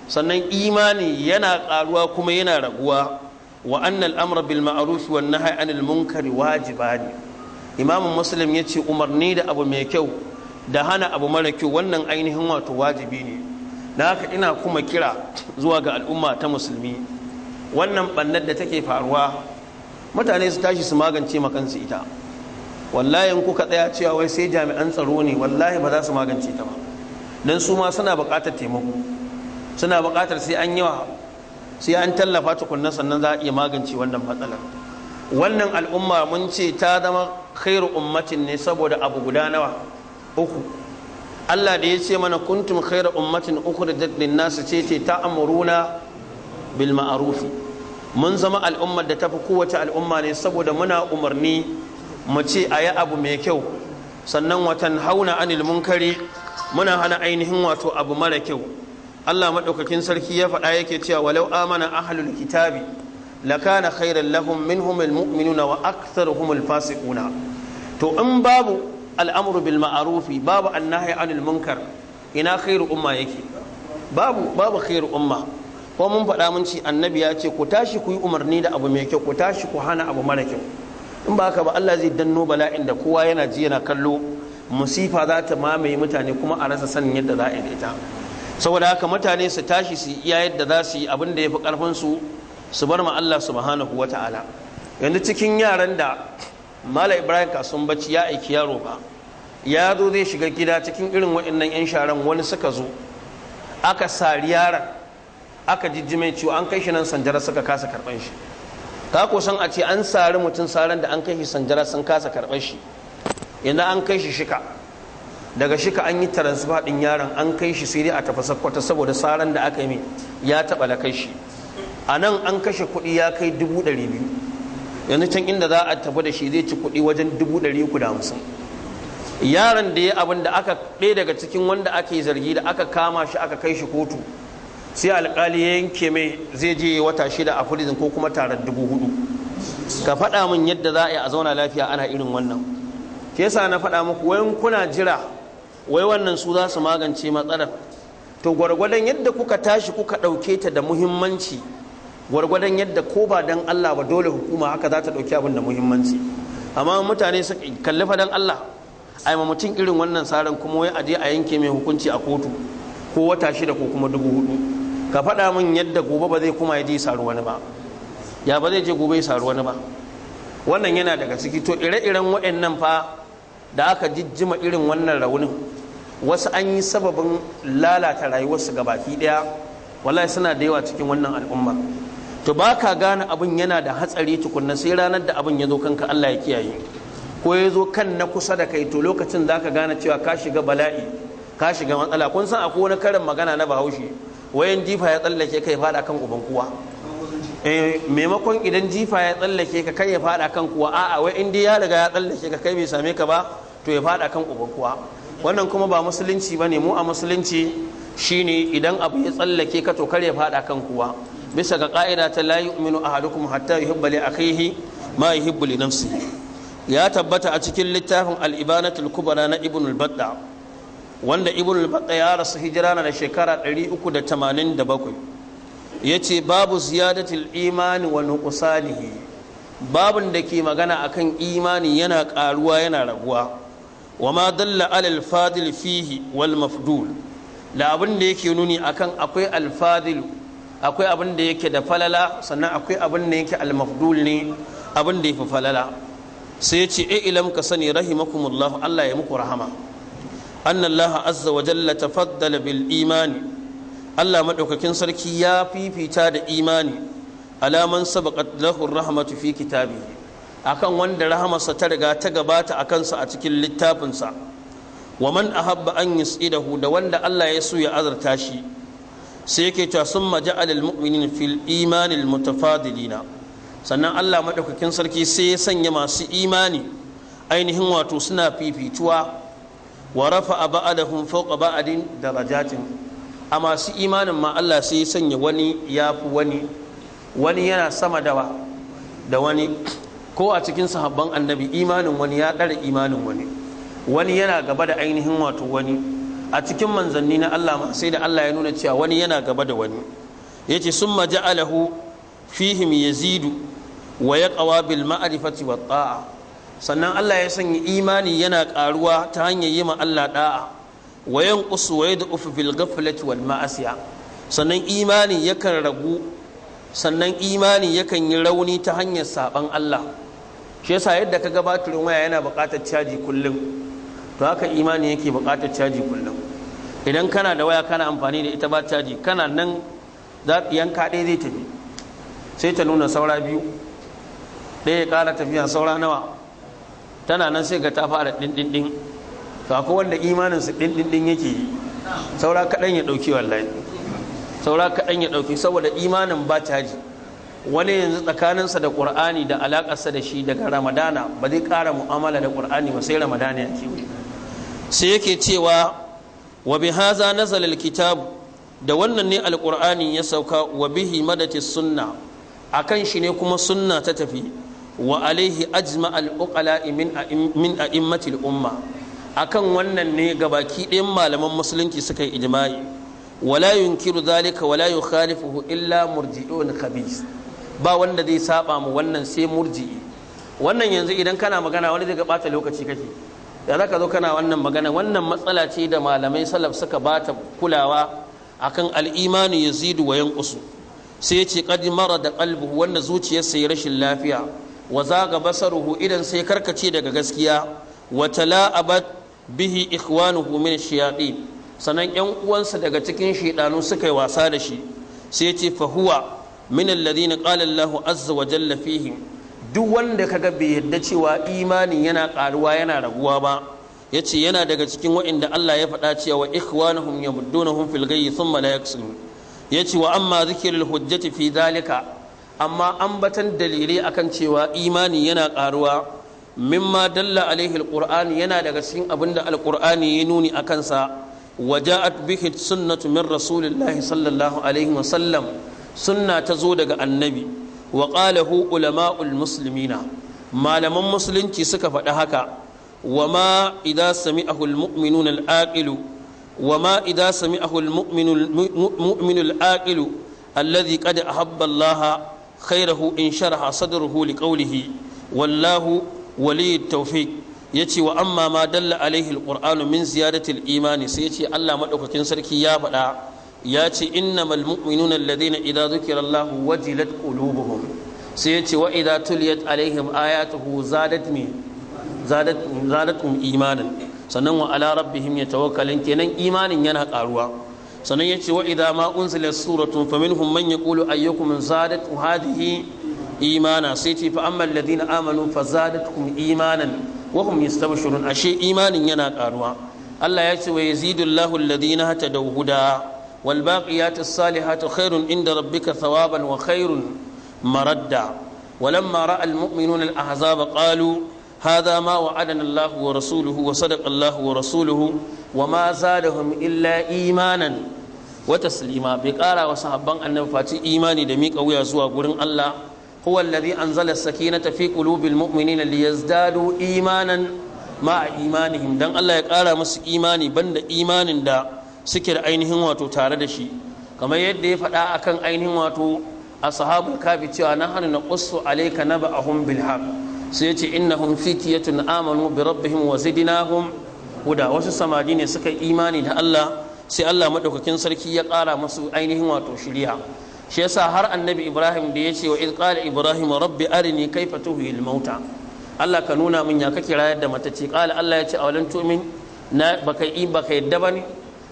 [SPEAKER 1] sannan imani yana karuwa kuma yana raguwa wa annal amra bil ma'ruf wan nahy anil munkari wajibani imam muslim yace umarni da abu mai kyau da hana abu mara kyau wannan ainihin wato wajibi ne Na haka ina kuma kira zuwa ga al'umma ta musulmi wannan bannar da take faruwa mutane su tashi su magance makansu ita wallahi in kuka tsaya cewa wai sai jami'an tsaro ne wallahi ba za su magance ta ba dan su ma suna buƙatar taimako suna buƙatar sai an yawa sai an tallafa tukunna sannan za a iya magance wannan matsalar wannan al'umma mun ce ta zama khairu ummatin ne saboda abu guda nawa uku Allah da ya ce mana kuntum khairu ummatin uku da nasu ce ce ta amuruna bil ma'arufi mun zama al'ummar da tafi kowace al'umma ne saboda muna umarni mu ce a yi abu mai kyau sannan watan hauna anil munkari muna hana ainihin wato abu mara kyau Allah maɗaukakin sarki ya faɗa yake cewa walau amana ahlul kitabi lakana khairan lahum minhum almu'minuna wa aktharuhum alfasiquna to in babu al'amru bil ma'arufi babu annahi anil munkar ina khairu umma yake babu babu khairu umma ko mun faɗa mun ci annabi ya ce ku tashi ku yi umarni da abu mai kyau ku tashi ku hana abu mara kyau in ba haka ba Allah zai danno bala'in da kowa yana ji yana kallo musifa za ta mamaye mutane kuma a rasa sanin yadda za a yi ita saboda haka mutane su tashi su iya yadda za su yi abin da ya fi karfinsu su bar ma Allah subhanahu ta'ala. yanzu cikin yaran da mala ibrahim kasun bacci ya aiki yaro ba ya zo zai shiga gida cikin irin waɗannan 'yan sharan wani suka zo aka sari yaran aka jijjime ciwo an kai shi nan sanjara suka kasa karban shi ka ko san a ce an sari mutum saran da an kai shi sanjara sun kasa karban shi yanzu an kai shi shika daga shi ka an yi taransifa din yaron an kai shi sai dai a tafasa kwata saboda saran da aka yi ya taɓa kai shi a nan an kashe kuɗi ya kai dubu ɗari biyu yanzu can inda za a tafi da shi zai ci kuɗi wajen dubu ɗari uku da hamsin yaron da ya abin da aka ɗaya daga cikin wanda ake zargi da aka kama shi aka kai shi kotu sai alƙali ya yanke mai zai je wata shida a prison ko kuma tarar dubu hudu ka faɗa min yadda za a yi a zauna lafiya ana irin wannan ke yasa na faɗa muku wayan kuna jira wai wannan su za su magance matsalar to gwargwadon yadda kuka tashi kuka ɗauke ta da muhimmanci gwargwadon yadda ko ba dan Allah ba dole hukuma haka za ta ɗauki abin da muhimmanci amma mutane su kalli fadan Allah ai mutum irin wannan tsarin kuma wai aje a yanke mai hukunci a kotu ko wata shida ko kuma dubu hudu ka faɗa min yadda gobe ba zai kuma ya je saru wani ba ya ba zai je gobe ya saru wani ba wannan yana daga ciki to ire-iren waɗannan fa da aka jijjima irin wannan raunin wasu an yi sababin lalata rayuwarsu gabaki daya wallahi suna da yawa cikin wannan al'umma to ba ka gane abin yana da hatsari tukunna sai ranar da abin ya zo kanka Allah ya kiyaye ko ya zo kan na kusa da kai to lokacin za ka gane cewa ka shiga bala'i ka shiga matsala kun san akwai wani karin magana na bahaushe wayan jifa ya tsallake kai fada kan uban kuwa eh, maimakon idan jifa ya tsallake ka kai ya fada kan kuwa a'a wai in ya riga ya tsallake ka kai bai same ka ba to ya fada kan uban kuwa wannan kuma ba musulunci ba ne mu a musulunci shine idan abu ya tsallake ka to ya faɗa kan kuwa bisa ga ka'ida ta la yu'minu ahadukum hatta yuhibba li akhihi ma yuhibbu li nafsihi ya tabbata a cikin littafin al-ibanatul kubra na Ibnul-Badda wanda Ibnul-Badda ya rasu hijira na shekara 387 yace babu ziyadatul imani wa nuqsanihi babun da ke magana akan imani yana karuwa yana raguwa wa ma dalla alal fadil fihi wal mafdul la abin da yake nuni akan akwai al fadil akwai abin da yake da falala sannan akwai abin da yake al ne abin da yafi falala sai ya ce e ilam ka sani rahimakumullah Allah ya muku rahama an azza wa jalla tafaddala bil imani Allah madaukakin sarki ya fifita da imani alaman sabaqat lahu rahmatu fi kitabihi akan wanda rahamarsa ta riga ta gabata a kansa a cikin littafinsa wa man ahabba an yus'idahu da wanda Allah ya so ya azarta shi sai yake cewa sun maja'al almu'minin fil imanil mutafadilina sannan Allah madaukakin sarki sai ya sanya masu imani ainihin wato suna fifituwa wa a ba'adahum fawqa ba'adin darajatin a masu imanin ma Allah sai ya sanya wani ya wani wani yana sama da wani ko a cikin sahabban annabi imanin wani ya ɗara imanin wani wani yana gaba da ainihin wato wani a cikin manzanni na Allah ma sai da Allah ya nuna cewa wani yana gaba da wani Ya yace summa alahu fihim yazidu wa ƙawabil bil ma'rifati wa ta'a sannan Allah ya sanya imani yana ƙaruwa ta hanyar yi ma Allah da'a wa yanqusu wa yad'ufu bil ghaflati wal ma'asiya sannan imani yakan ragu sannan imani yakan yi rauni ta hanyar saban Allah shi yasa yadda ka batirin waya yana buƙatar caji kullum to haka imani yake buƙatar caji kullum idan kana da waya kana amfani da ita ba caji kana nan yanka ɗaya zai tafi sai ta nuna saura biyu ɗaya ya ƙara tafiya saura nawa tana nan sai ga ta fara ɗin to akwai wanda imanin su ɗin yake yi saura kaɗan ya ɗauki wallahi saura kaɗan ya ɗauki saboda imanin ba caji wani yanzu tsakaninsa da ƙur'ani da alaƙarsa da shi daga ramadana ba zai ƙara mu'amala da ƙur'ani ba sai ramadana ya kewaye sai yake cewa wa bi haza nazal kitab da wannan ne alƙur'ani ya sauka wa bihi madati sunna akan shi ne kuma sunna ta tafi wa alaihi ajma al min min a'immati umma akan wannan ne gabaki ɗayan malaman musulunci suka yi ijma'i wala yunkiru zalika wala yukhalifuhu illa murji'un khabith ba wanda zai saba mu wannan sai murji'i wannan yanzu idan kana magana wani zai bata lokaci kake da za ka zo kana wannan magana wannan matsala ce da malamai salaf suka bata kulawa akan al'imani yazidu wa yankusu, sai kadi mara da qalbuhu wanda zuciyarsa ya rashin lafiya wa zaga basaruhu idan sai karkace daga gaskiya wa tala'abat bihi ikhwanuhu min shayatin sanan yan uwansa daga cikin shaidanu suka yi wasa da shi sai ce fa huwa min alladhina qala lahu azza wa jalla duk wanda kaga bai yadda cewa imanin yana karuwa yana raguwa ba yace yana daga cikin wa'inda Allah ya faɗa cewa ikhwanuhum yamuddunahum fil ghayyi thumma la yaksun yace wa amma zikirul hujjati fi zalika. amma ambatan dalilai akan cewa imani yana karuwa mimma dalla alaihi alqur'ani yana daga cikin da alqur'ani ya nuni akan sa waja'at bihi sunnatu min rasulillahi sallallahu alaihi wa sallam sunna ta zo daga annabi wa qalahu ulama'ul musulmina malaman musulunci suka faɗi haka wa ma idza sami'ahu almu'minuna al-aqilu wa ma idza sami'ahu almu'minu al-aqilu alladhi qad ahabba Allah khayrahu in sharaha sadruhu liqawlihi wallahu waliyut tawfiq yace wa amma ma dalla alaihi alqur'anu min ziyadati al-imani sai yace Allah madaukakin sarki ya faɗa ya ce innamal mu'minuna alladhina idza dhukira Allah wajilat qulubuhum sai ya ce wa idza tuliyat alaihim ayatuhu zadat mi zadat imanan sannan wa ala rabbihim yatawakkalun kenan imanin yana karuwa sannan ya ce wa idza ma unzilat suratun faminhum man yaqulu ayyukum zadat hadhihi imana sai ce fa amma alladhina amanu fa zadatkum imanan wa hum yastabshirun ashe imanin yana karuwa Allah ya ce wa yazidullahu alladhina da guda. والباقيات الصالحات خير عند ربك ثوابا وخير مردا ولما راى المؤمنون الاحزاب قالوا هذا ما وعدنا الله ورسوله وصدق الله ورسوله وما زادهم الا ايمانا وتسليما بقال وصحابان النبي فاتي ايماني دميك ويا زوا غورن الله هو الذي انزل السكينه في قلوب المؤمنين ليزدادوا ايمانا مع ايمانهم دان الله يقال مس ايماني بند ايمانين دا suke da ainihin wato tare da shi kamar yadda ya faɗa akan ainihin wato ashabul kafi cewa na hannu na qussu alaika na bil haqq sai yace ya fikiyatun amanu bi rabbihim wa zidnahum huda wasu samadi ne suka imani da Allah sai Allah maɗaukakin sarki ya ƙara masu ainihin wato shiri'a. shi yasa har annabi Ibrahim da ya ce wa id qala Ibrahim rabbi arini kaifa tuhyil mauta Allah ka nuna min ya kake rayar da ce. qala Allah yace awalan tu'min na baka yi baka yadda ne.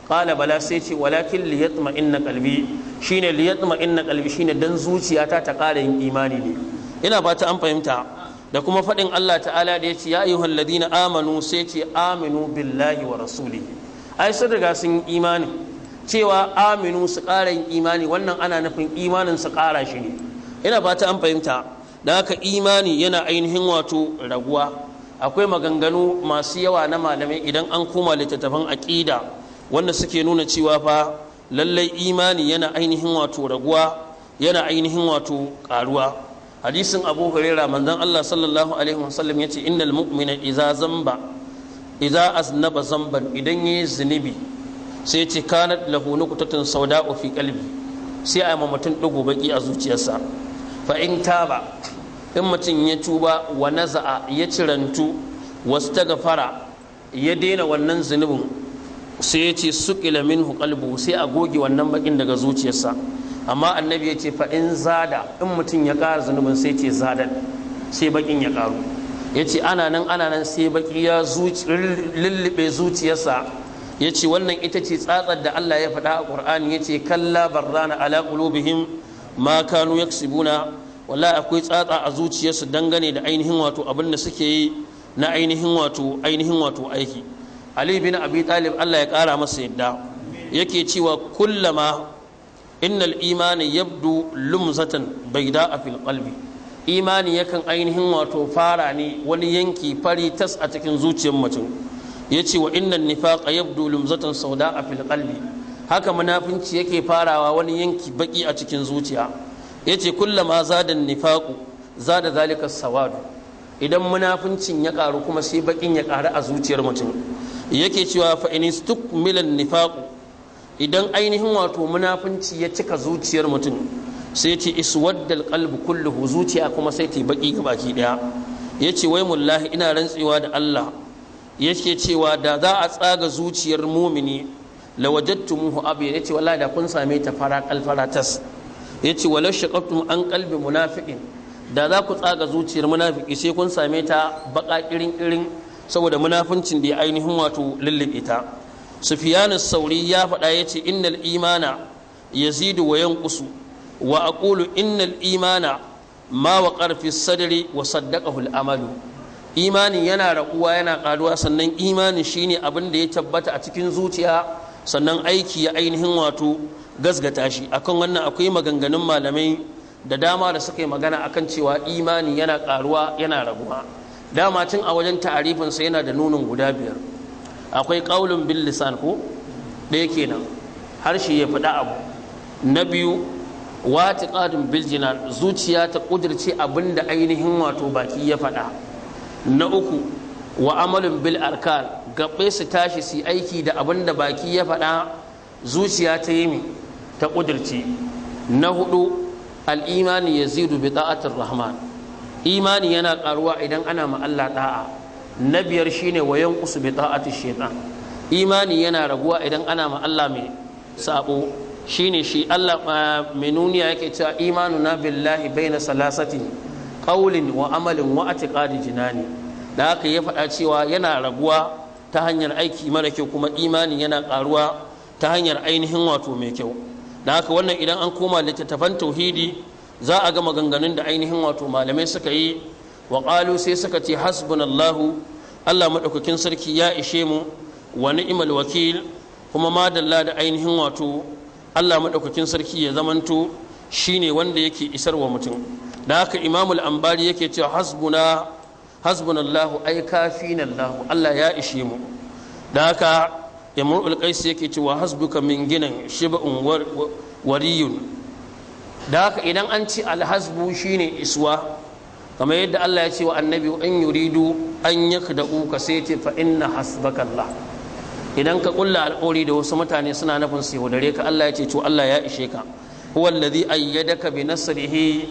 [SPEAKER 1] Ƙala bala sai ce walakin li yatma'inna qalbi shine li yatma'inna qalbi shine dan zuciyata ta ƙara yin imani ne ina fata an fahimta da kuma faɗin Allah ta'ala da ya ce ya ayyuhal ladina amanu sai ce aminu billahi wa rasuli ai sun riga sun imani cewa aminu su ƙara yin imani wannan ana nufin imanin su ƙara shi ne ina fata an fahimta da haka imani yana ainihin wato raguwa akwai maganganu masu yawa na malamai idan an koma littattafan aƙida wanda suke nuna cewa fa lallai imani yana ainihin wato raguwa yana ainihin wato karuwa hadisin abu huraira manzon Allah sallallahu alaihi wasallam yace innal mu'mina idza zamba idza aznaba zamban idan yayi zunubi sai yace kanat lahu nuqtatun sawda'u fi qalbi sai a ma mutum digo baki a zuciyarsa fa in taba in mutum ya tuba wa naza'a ya cirantu wasu ta gafara ya daina wannan zunubin sai ya ce suƙila min hukalbu sai a goge wannan bakin daga zuciyarsa amma annabi ya ce fa in zada in mutum ya ƙara zunubin sai ce zadan sai bakin ya ƙaru ya ce ana nan ana nan sai baki ya lullube zuciyarsa ya ce wannan ita ce tsatsar da Allah ya faɗa a Ƙur'ani ya ce kalla barrana ala qulubihim ma kanu yaksibuna wallahi akwai tsatsa a zuciyarsu dangane da ainihin wato abin da suke yi na ainihin ainihin wato aiki ali bin abi talib Allah ya kara masa yadda yake cewa kullama innal imani yabdu lumzatan baida a fil qalbi imani yakan ainihin wato fara ne wani yanki fari tas a cikin zuciyar mutum ce wa innan nifaqa yabdu lumzatan sauda a fil qalbi haka munafinci yake farawa wani yanki baki a cikin zuciya yace kullama zadan nifaqu zada zalika sawadu idan munafincin ya karu kuma sai bakin ya karu a zuciyar mutum yake cewa fa in istukmila nifaq idan ainihin wato munafunci ya cika zuciyar mutum sai ce iswaddal qalbu kulluhu zuciya kuma sai ta baki gabaki daya yace wai mullahi ina rantsewa da Allah yake cewa da za a tsaga zuciyar mumini lawajadtumuhu abiyan yace wallahi da kun same ta fara kalfara tas yace wala shaqatum an qalbi munafiqin da za ku tsaga zuciyar munafiki sai kun same ta baka kirin kirin saboda munafuncin da ya ainihin wato lullube ta sufiyanu sauri ya faɗa ya ce innal imana yazidu wa yanqusu wa aqulu innal imana ma wa qarfi sadri wa saddaqahu amalu imani yana raƙuwa yana ƙaruwa sannan imani shine abin da ya tabbata a cikin zuciya sannan aiki ya ainihin wato gasgata shi akan wannan akwai maganganun malamai da dama da suka yi magana akan cewa imani yana ƙaruwa yana raguwa dama tun a wajen ta'arifinsa yana da nunin guda biyar akwai ƙaulun bil lisan ko ɗaya kenan harshe ya faɗa abu na biyu wata ƙadun bil jinan zuciya ta ƙudirce abin da ainihin wato baki ya faɗa na uku wa amalin bil arkan gaɓe su tashi su aiki da abin da baki ya faɗa zuciya ta yi ta ƙudirce na hudu al'imani ya zidu bi ta'atar rahman imani yana karuwa idan ana ma Allah da'a na biyar shine wayan usu bi ta'ati shaytan imani yana raguwa idan ana ma Allah mai sabo shine shi Allah ah, menuniya yake cewa imanu na billahi baina salasati qaulin wa amalin wa atiqadi jinani da haka ya faɗa cewa yana raguwa ta hanyar aiki mara kyau kuma imani yana karuwa ta hanyar ainihin wato mai kyau da haka wannan idan an koma littattafan tauhidi za a ga maganganun da ainihin wato malamai suka yi wa ƙalu sai suka ce hasbunallahu allah maɗaukakin sarki ya ishe mu wa ni'mal wakil kuma madalla da ainihin wato allah maɗaukakin sarki ya zamanto shine wanda yake isar wa mutum da haka imamul ambari yake cewa hasbuna hasbunallahu ai kafinallahu allah ya ishe mu da haka imamul ulqais yake cewa hasbuka min ginan shib'un wariyun da haka idan an ci alhasbu shine iswa kamar yadda Allah ya ce wa annabi in yuridu an yakda'u ka sai ce fa inna Allah. idan ka kulla alƙori da wasu mutane suna nufin su yaudare ka Allah ya ce to Allah ya ishe ka huwa alladhi ayyadaka bi nasrihi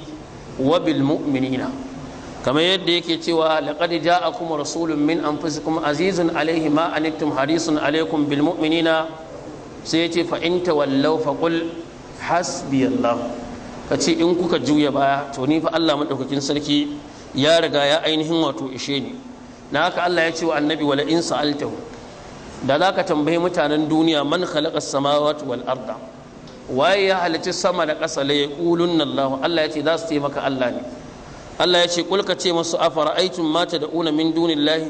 [SPEAKER 1] wa bil mu'minina kamar yadda yake cewa laqad ja'akum rasulun min anfusikum azizun alayhi ma anittum harisun alaykum bil mu'minina sai ya ce fa in tawallaw fa qul hasbiyallahu ka ce in kuka juya baya to ni fa Allah madaukakin sarki ya riga ya ainihin wato ishe ni na haka Allah ya ce wa annabi wala in sa'altahu da zaka tambayi mutanen duniya man khalaqa samawati wal arda waye ya halici sama da ƙasa la yaqulunna Allah Allah ya ce za su ce maka Allah ne Allah ya ce kul ka ce musu afara'aytum ma tad'una min dunillahi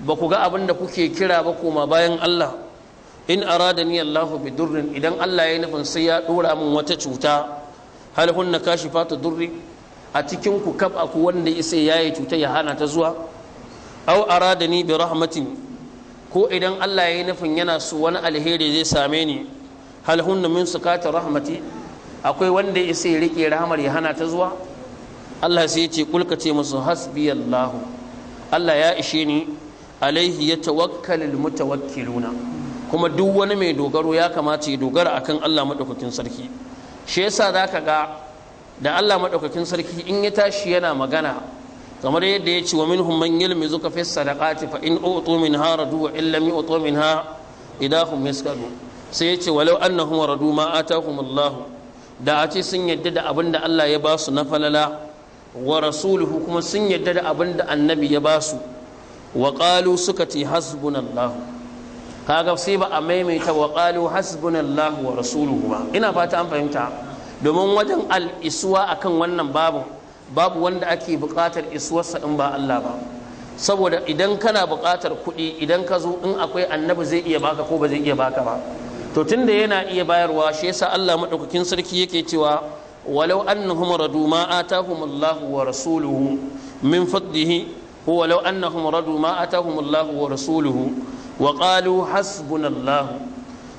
[SPEAKER 1] ba ku ga abin da kuke kira ba koma bayan Allah in aradani Allah bi durrin idan Allah ya nufin sai ya dora min wata cuta hal hunna kashifatu durri a cikin ku kab aku wanda isa yayi cuta ya hana ta zuwa aw aradani bi rahmatin ko idan Allah yayi nufin yana so wani alheri zai same ni hal hunna min sukata rahmati akwai wanda isa ya rike rahmar ya hana ta zuwa Allah sai ya ce kulka ce musu hasbi Allah ya ishe ni alaihi ya tawakkalul mutawakkiluna kuma duk wani mai dogaro ya kamata ya dogara akan Allah madaukakin sarki shi yasa za ka ga da allah maɗaukakin sarki in ya tashi yana magana kamar yadda ya ce wa min man yalmi zuka fi sadaqati fa in utu min ha radu wa in lam yu'tu min ha idahum yaskadu sai ya ce walau annahum radu ma atahum allah da a ce sun yadda da abin da allah ya ba su na falala wa rasuluhu kuma sun yadda da abin da annabi ya ba su wa qalu suka ce hasbunallahu kaga sai ba a maimaita wa qalu hasbunallahu wa rasuluhu ba ina fata an fahimta domin wajen al'isuwa akan wannan babu babu wanda ake buƙatar isuwarsa in ba Allah ba saboda idan kana buƙatar kuɗi idan ka zo in akwai annabi zai iya baka ko ba zai iya baka ba to tunda yana iya bayarwa shi yasa Allah madaukakin sarki yake cewa walau annahum radu ma atahum Allah wa rasuluhu min fadlihi walau annahum radu ma atahum Allah wa rasuluhu wa qalu hasbunallahu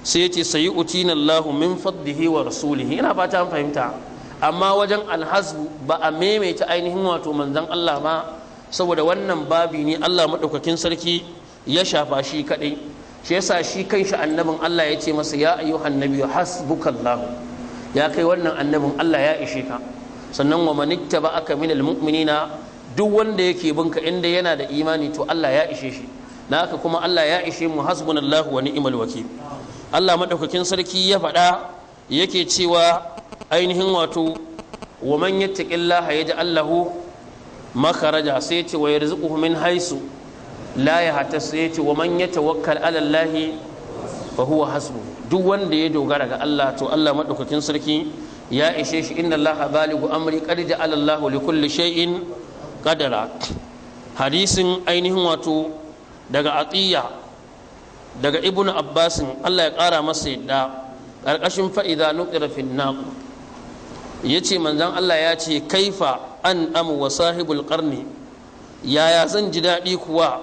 [SPEAKER 1] sai yace sayu'tina Allahu min fadlihi wa rasulihi ina fata an fahimta amma wajen alhasbu ba a maimaita ainihin wato manzon Allah ba saboda wannan babi ne Allah maɗaukakin sarki ya shafa shi kaɗai shi yasa shi kanshi annabin Allah ya ce masa ya ayyuhan nabiyyu hasbukallahu ya kai wannan annabin Allah ya ishe ka sannan wa manitta ba aka minal mu'minina duk wanda yake bunka inda yana da imani to Allah ya ishe shi da haka kuma Allah ya ishe mu hasbunallahu wa ni'mal wakil Allah madaukakin sarki ya faɗa yake cewa ainihin wato wa man yattaqillaha yaj'al lahu makharaja sai ce wa yarzuquhu min haisu la yahtas sai ce wa man yatawakkal ala Allah fa huwa hasbu duk wanda ya dogara ga Allah to Allah madaukakin sarki ya ishe shi inna Allah baligu amri qad ja'ala Allah li kulli shay'in qadara hadisin ainihin wato daga atiya daga ibnu abbasin allah ya ƙara masa yadda ƙarƙashin fa'iza nuƙira finnaku ya ce manzan allah ya ce kaifa an amu wa sahibul ƙarni yaya zan ji daɗi kuwa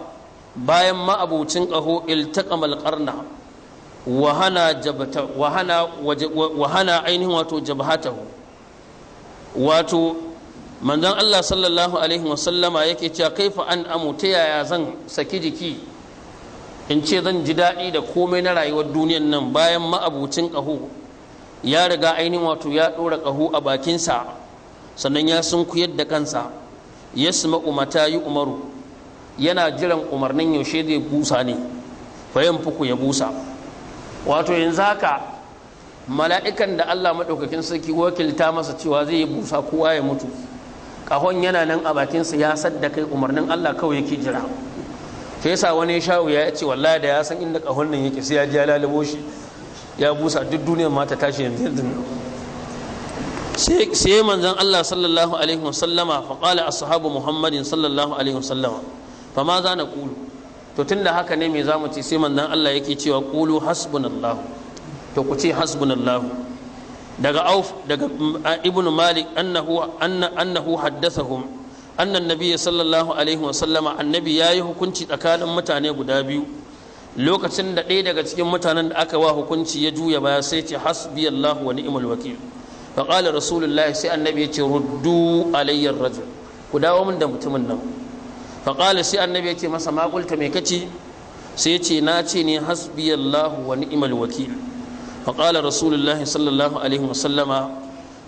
[SPEAKER 1] bayan ma'abucin ƙaho iltaƙamal ƙarna wahana ainihin wato jabhatahu wato manzon Allah sallallahu alaihi wasallama yake cewa kaifa an amu ta yaya zan saki jiki in ce zan ji daɗi da komai na rayuwar duniyan nan bayan ma'abucin ƙaho ya riga ainihin wato ya ɗora ƙaho a bakinsa sannan ya sun sunkuyar da kansa ya umata yi umaru yana jiran umarnin yaushe zai busa ne fayan fuku ya busa wato yanzu haka mala'ikan da Allah maɗaukakin sarki wakilta masa cewa zai busa kowa ya mutu kahon yana nan a bakinsa ya sadda kai umarnin Allah kawai yake jira ke yasa wani shawu ya ce wallahi da ya san inda kahon nan yake sai ya ji ya lalabo shi ya busa duk duniyar ma ta tashi yanzu yanzu sai manzon Allah sallallahu alaihi wasallama fa qala ashabu muhammadin sallallahu alaihi wasallama fa ma za na qulu to tunda haka ne me zamu ce sai manzon Allah yake cewa qulu hasbunallahu to ku ce hasbunallahu daga auf daga mm, ibnu malik annahu anna annahu haddathahum anna annabi sallallahu alaihi wasallama annabi yayi hukunci tsakanin mutane guda biyu lokacin da ɗaya daga cikin mutanen da aka wa hukunci ya juya baya sai ce hasbi Allah wa ni'mal wakil fa qala rasulullah sai annabi ya ce ruddu alayya rajul ku dawo min da mutumin nan fa qala sai annabi ya ce masa ma qulta me kace sai ya ce na ce ne hasbi Allah wa ni'mal wakil faƙala rasulullahi sallallahu alaihi wasallama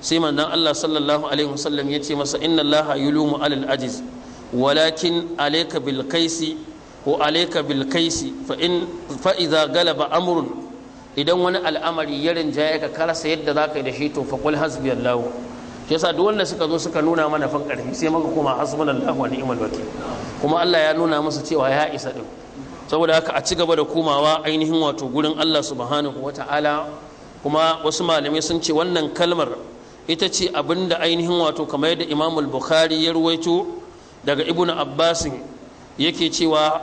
[SPEAKER 1] sai manzon Allah sallallahu alaihi wasallam ya ce masa inna Allah yulumu alal aji walakin alayka bil kaisi wa alayka bil kaisi fa galaba amrun idan wani al'amari ya rinjaye ka karasa yadda za ka da shi to fa qul hasbiyallahu yasa duk wanda suka zo suka nuna mana fan karfi sai maka kuma hasbunallahu wa ni'mal kuma Allah ya nuna masa cewa ya isa din saboda haka a ci gaba da komawa ainihin wato gurin Allah subhanahu wata'ala kuma wasu malamai sun ce wannan kalmar ita ce abin da ainihin wato kamar yadda imamul bukhari ya ruwaito daga ibnu abbasin yake cewa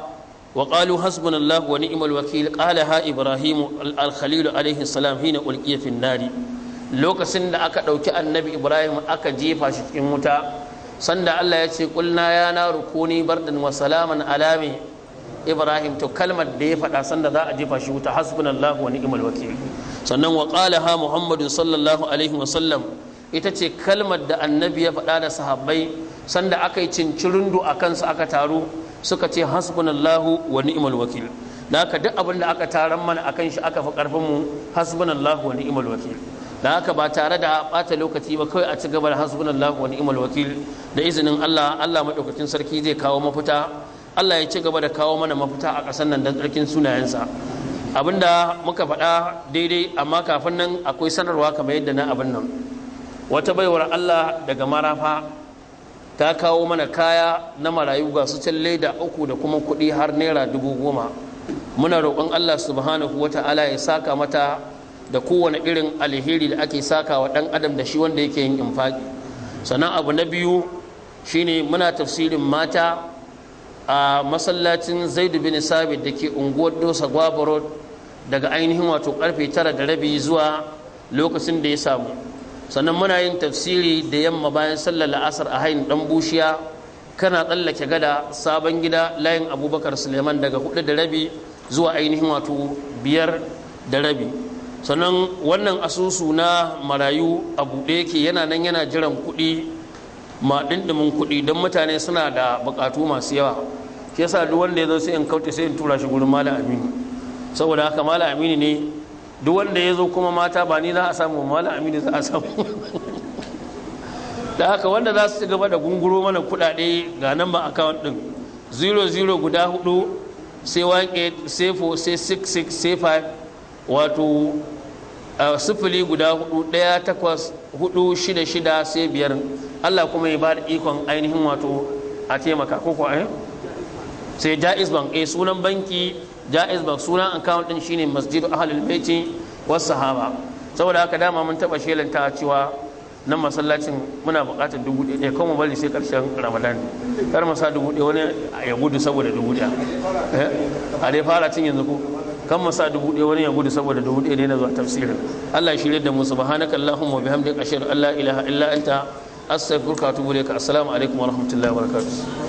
[SPEAKER 1] wa qalu hasbunallahu wa ni'mal wakil qala ha ibrahim al-khalil alaihi salam hina ulqiya fi nari lokacin da aka dauki annabi ibrahim aka jefa shi cikin wuta sanda Allah ya ce qulna ya naru kuni bardan wa salaman alami ibrahim to kalmar da ya faɗa sanda za a jefa shi wuta hasbunallahu wa ni'mal wakil sannan wa ha Muhammadu sallallahu alaihi wa sallam ita ce kalmar da annabi ya faɗa da sahabbai sanda aka yi cincirundu a kansu aka taru suka ce hasbunallahu wa ni'mal wakil da haka duk abin da aka taron mana akan shi aka fi karfin mu hasbunallahu wa ni'mal wakil da haka ba tare da bata lokaci ba kawai a ci gaba da hasbunallahu wa ni'mal wakil da izinin Allah Allah madaukakin sarki zai kawo mafita Allah ya ci gaba da kawo mana mafita a ƙasar nan don tsarkin sunayensa abinda muka faɗa daidai amma kafin nan akwai sanarwa kamar yadda na abin nan wata baiwar Allah daga marafa ta kawo mana kaya na marayu ga su can leda uku da kuma kuɗi har naira dubu goma muna roƙon Allah subhanahu wa ta'ala ya saka mata da kowane irin alheri da ake saka wa ɗan adam da shi wanda yake yin infaki sannan abu na biyu shine muna tafsirin mata a masallacin zaidu bin sabit da ke unguwar dosa gwabaro daga ainihin wato karfe tara da rabi zuwa lokacin da ya samu sannan muna yin tafsiri da yamma bayan sallar la'asar a hain dan bushiya kana tsallake gada sabon gida layin abubakar suleiman daga hudu da rabi zuwa ainihin wato biyar da rabi sannan wannan asusu na marayu a buɗe yake yana nan yana jiran kuɗi ma dindimin kuɗi don mutane suna da buƙatu masu yawa ke sa duk wanda ya zo sai in kauce sai in tura shi gurin malam aminu saboda haka malam aminu ne duk wanda ya zo kuma mata ba ni za a samu malam aminu za a samu da haka wanda za su ci gaba da gunguro mana kuɗaɗe ga nan ba akawun ɗin 00 guda hudu sai 18 sai 4 sai 66 sai 5 wato sifili guda hudu ɗaya takwas hudu shida shida sai biyar Allah kuma ya ba da ikon ainihin wato a taimaka ko ko eh? sai jaiz bank eh sunan banki jaiz bank sunan account din shine masjidu ahlul baiti was sahaba saboda haka dama mun taba shelanta cewa nan masallacin muna buƙatar dubu ɗaya eh, kan mu bari sai karshen ramadan kar mu sa dubu ɗaya wani ya gudu saboda dubu ɗaya eh, a dai fara cin yanzu ko kan masa dubu ɗaya wani ya gudu saboda dubu ɗaya ne na zuwa tafsirin Allah shirye da mu subhanaka allahumma bihamdika ashhadu an la ilaha illa anta astaghfiruka wa atubu ilaik assalamu alaikum wa rahmatullahi wa barakatuh